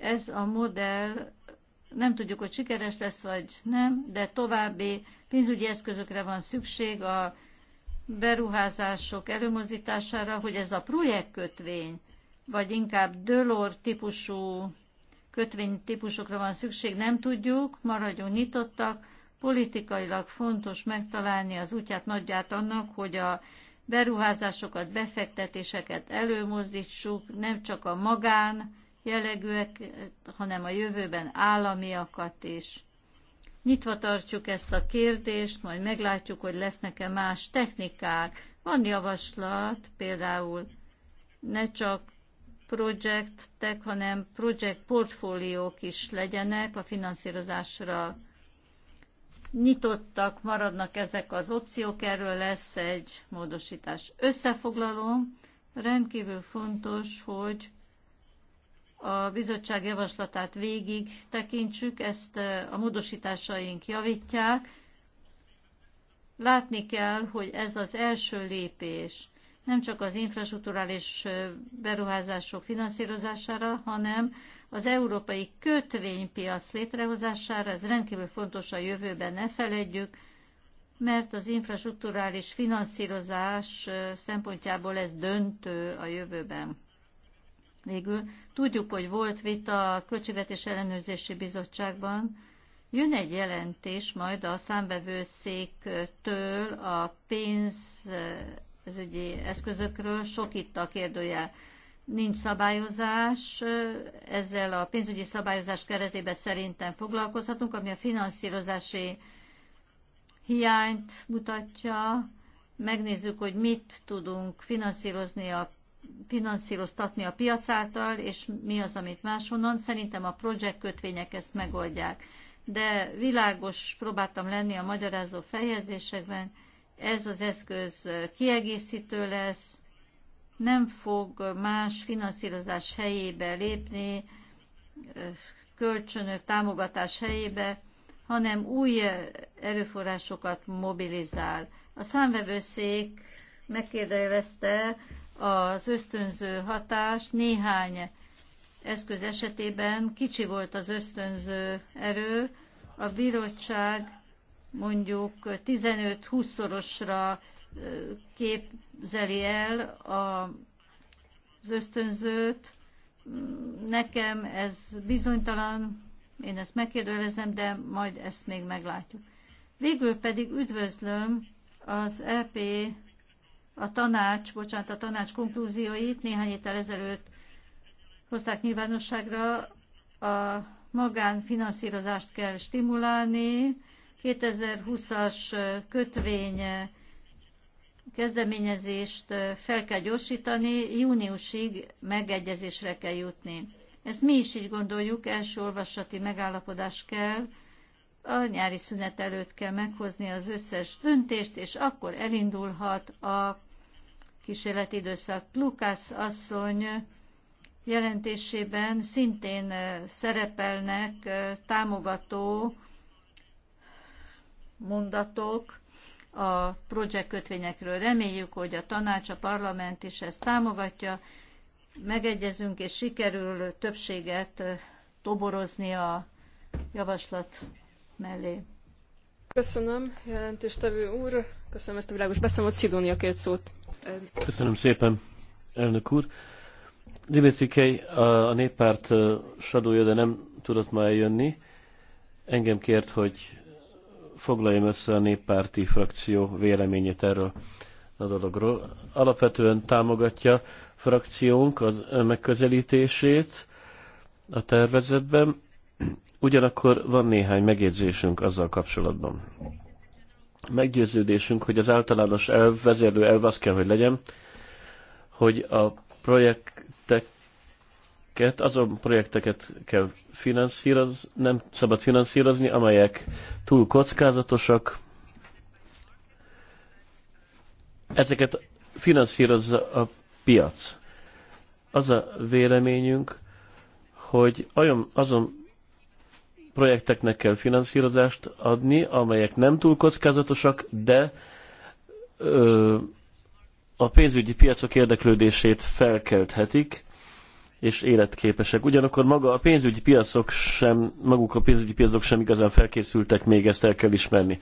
Ez a modell, nem tudjuk, hogy sikeres lesz vagy nem, de további pénzügyi eszközökre van szükség a beruházások előmozdítására, hogy ez a projektkötvény, vagy inkább Dölor típusú kötvénytípusokra van szükség, nem tudjuk, maradjunk nyitottak, Politikailag fontos megtalálni az útját nagyját annak, hogy a beruházásokat, befektetéseket előmozdítsuk, nem csak a magán jellegűek, hanem a jövőben államiakat is. Nyitva tartjuk ezt a kérdést, majd meglátjuk, hogy lesznek-e más technikák. Van javaslat, például ne csak projektek, hanem projekt is legyenek a finanszírozásra Nyitottak maradnak ezek az opciók, erről lesz egy módosítás. Összefoglaló, rendkívül fontos, hogy a bizottság javaslatát végig tekintsük, ezt eh, a módosításaink javítják. Látni kell, hogy ez az első lépés nem csak az infrastruktúrális eh, beruházások finanszírozására, hanem az európai kötvénypiac létrehozására, ez rendkívül fontos a jövőben, ne feledjük, mert az infrastruktúrális finanszírozás szempontjából ez döntő a jövőben. Végül tudjuk, hogy volt vita a Költségvetés Ellenőrzési Bizottságban, Jön egy jelentés majd a számbevőszéktől a pénzügyi eszközökről, sok itt a kérdőjel nincs szabályozás, ezzel a pénzügyi szabályozás keretében szerintem foglalkozhatunk, ami a finanszírozási hiányt mutatja. Megnézzük, hogy mit tudunk finanszírozni a finanszíroztatni a piac által, és mi az, amit máshonnan. Szerintem a projekt kötvények ezt megoldják. De világos próbáltam lenni a magyarázó feljegyzésekben, ez az eszköz kiegészítő lesz, nem fog más finanszírozás helyébe lépni, kölcsönök, támogatás helyébe, hanem új erőforrásokat mobilizál. A számvevőszék megkérdezte az ösztönző hatást néhány eszköz esetében kicsi volt az ösztönző erő, a bíróság mondjuk 15-20-szorosra képzeli el az ösztönzőt. Nekem ez bizonytalan, én ezt megkérdőjelezem, de majd ezt még meglátjuk. Végül pedig üdvözlöm az EP, a tanács, bocsánat, a tanács konklúzióit néhány héttel ezelőtt hozták nyilvánosságra, a magánfinanszírozást kell stimulálni, 2020-as kötvény kezdeményezést fel kell gyorsítani, júniusig megegyezésre kell jutni. Ezt mi is így gondoljuk, első olvasati megállapodás kell, a nyári szünet előtt kell meghozni az összes döntést, és akkor elindulhat a kísérleti időszak. Lukász asszony jelentésében szintén szerepelnek támogató mondatok, a projekt kötvényekről. Reméljük, hogy a tanács, a parlament is ezt támogatja. Megegyezünk, és sikerül többséget toborozni a javaslat mellé. Köszönöm, jelentéstevő úr. Köszönöm ezt a világos beszámot. Szidónia kért szót. Köszönöm szépen, elnök úr. Dimitri Kej, a, néppárt sadója, de nem tudott már jönni. Engem kért, hogy foglaljam össze a néppárti frakció véleményét erről a dologról. Alapvetően támogatja frakciónk az megközelítését a tervezetben, ugyanakkor van néhány megjegyzésünk azzal kapcsolatban. Meggyőződésünk, hogy az általános elv, vezérlő elv az kell, hogy legyen, hogy a projekt projekteket, azon projekteket kell finanszírozni, nem szabad finanszírozni, amelyek túl kockázatosak. Ezeket finanszírozza a piac. Az a véleményünk, hogy azon projekteknek kell finanszírozást adni, amelyek nem túl kockázatosak, de ö, a pénzügyi piacok érdeklődését felkelthetik, és életképesek. Ugyanakkor maga a pénzügyi piacok sem, maguk a pénzügyi piacok sem igazán felkészültek, még ezt el kell ismerni.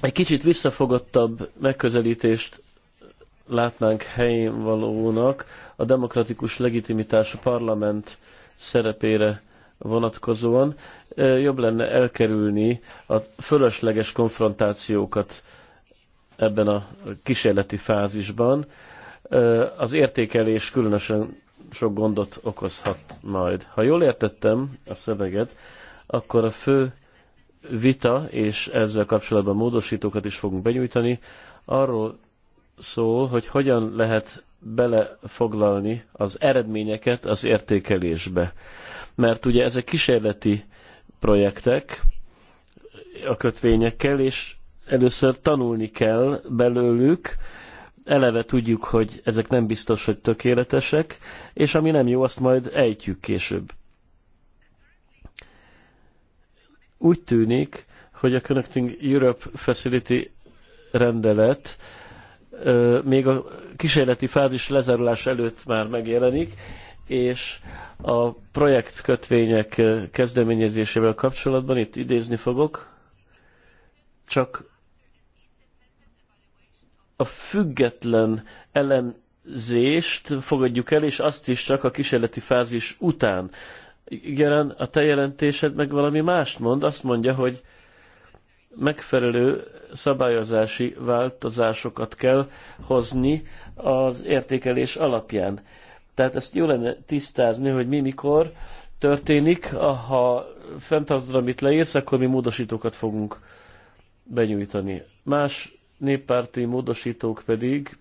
Egy kicsit visszafogottabb megközelítést látnánk helyén valónak a demokratikus legitimitás a parlament szerepére vonatkozóan. Jobb lenne elkerülni a fölösleges konfrontációkat ebben a kísérleti fázisban az értékelés különösen sok gondot okozhat majd. Ha jól értettem a szöveget, akkor a fő vita, és ezzel kapcsolatban módosítókat is fogunk benyújtani, arról szól, hogy hogyan lehet belefoglalni az eredményeket az értékelésbe. Mert ugye ezek kísérleti projektek a kötvényekkel, és először tanulni kell belőlük, eleve tudjuk, hogy ezek nem biztos, hogy tökéletesek, és ami nem jó, azt majd ejtjük később. Úgy tűnik, hogy a Connecting Europe Facility rendelet még a kísérleti fázis lezárulás előtt már megjelenik, és a projekt kötvények kezdeményezésével kapcsolatban itt idézni fogok, csak a független elemzést fogadjuk el, és azt is csak a kísérleti fázis után. Igen, a te jelentésed meg valami mást mond, azt mondja, hogy megfelelő szabályozási változásokat kell hozni az értékelés alapján. Tehát ezt jó lenne tisztázni, hogy mi mikor történik, ha fenntartod, amit leírsz, akkor mi módosítókat fogunk benyújtani. Más néppárti módosítók pedig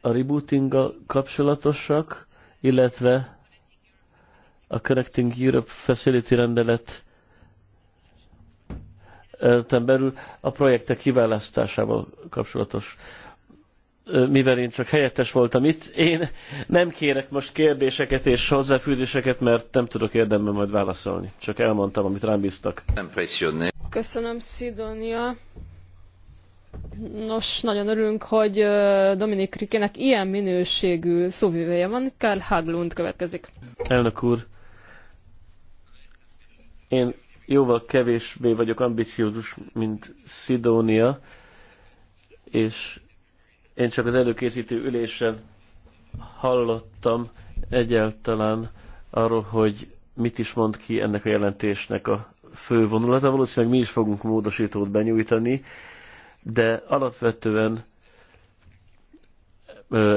a rebootinggal kapcsolatosak, illetve a Connecting Europe Facility rendelet belül a projektek kiválasztásával kapcsolatos. Mivel én csak helyettes voltam itt, én nem kérek most kérdéseket és hozzáfűzéseket, mert nem tudok érdemben majd válaszolni. Csak elmondtam, amit rám bíztak. Köszönöm, Szidonia. Nos, nagyon örülünk, hogy Dominik Rikének ilyen minőségű szóvivője van. Karl Haglund következik. Elnök úr, én jóval kevésbé vagyok ambiciózus, mint Szidónia, és én csak az előkészítő ülésen hallottam egyáltalán arról, hogy mit is mond ki ennek a jelentésnek a fő vonulata. Valószínűleg mi is fogunk módosítót benyújtani, de alapvetően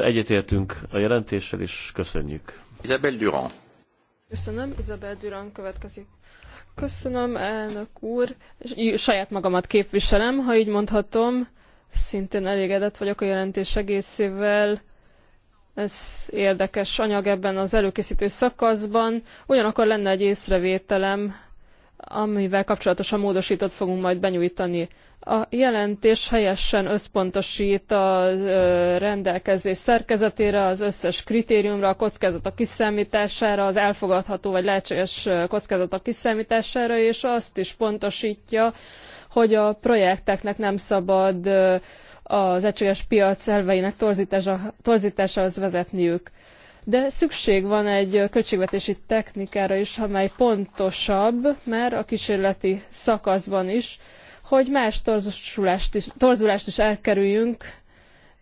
egyetértünk a jelentéssel, és köszönjük. Isabel Durand. Köszönöm, Isabel Durand következik. Köszönöm, elnök úr. Saját magamat képviselem, ha így mondhatom. Szintén elégedett vagyok a jelentés egészével. Ez érdekes anyag ebben az előkészítő szakaszban. Ugyanakkor lenne egy észrevételem amivel kapcsolatosan módosított fogunk majd benyújtani. A jelentés helyesen összpontosít a rendelkezés szerkezetére, az összes kritériumra, a kockázatok kiszámítására, az elfogadható vagy lehetséges kockázatok kiszámítására, és azt is pontosítja, hogy a projekteknek nem szabad az egységes piac elveinek torzítása, torzításához vezetniük de szükség van egy költségvetési technikára is, amely pontosabb, mert a kísérleti szakaszban is, hogy más torzulást is, torzulást is elkerüljünk,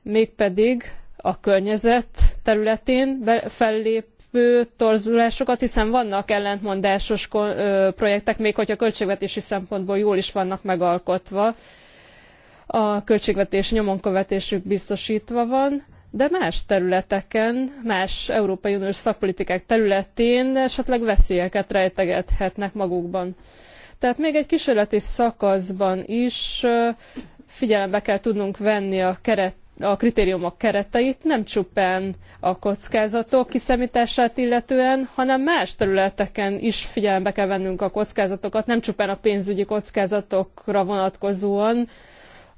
mégpedig a környezet területén fellépő torzulásokat, hiszen vannak ellentmondásos projektek, még hogyha költségvetési szempontból jól is vannak megalkotva, a költségvetés nyomonkövetésük biztosítva van, de más területeken, más Európai Uniós szakpolitikák területén esetleg veszélyeket rejtegethetnek magukban. Tehát még egy kísérleti szakaszban is figyelembe kell tudnunk venni a keret a kritériumok kereteit nem csupán a kockázatok kiszámítását illetően, hanem más területeken is figyelembe kell vennünk a kockázatokat, nem csupán a pénzügyi kockázatokra vonatkozóan,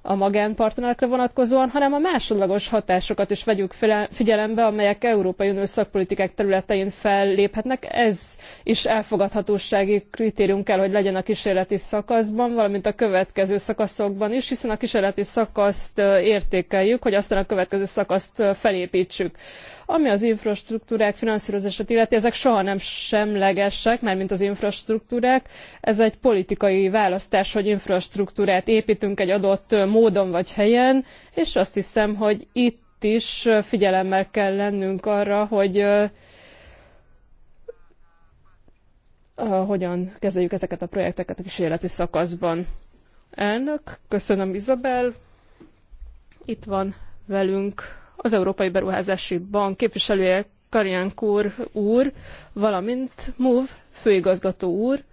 a magánpartnerekre vonatkozóan, hanem a másodlagos hatásokat is vegyük figyelembe, amelyek Európai Uniós szakpolitikák területein felléphetnek. Ez is elfogadhatósági kritérium kell, hogy legyen a kísérleti szakaszban, valamint a következő szakaszokban is, hiszen a kísérleti szakaszt értékeljük, hogy aztán a következő szakaszt felépítsük. Ami az infrastruktúrák finanszírozását illeti, ezek soha nem semlegesek, mert mint az infrastruktúrák. Ez egy politikai választás, hogy infrastruktúrát építünk egy adott módon vagy helyen, és azt hiszem, hogy itt is figyelemmel kell lennünk arra, hogy uh, hogyan kezeljük ezeket a projekteket a kísérleti szakaszban. Elnök, köszönöm Izabel, itt van velünk az Európai Beruházási Bank képviselője Karian Kúr úr, valamint MOVE főigazgató úr,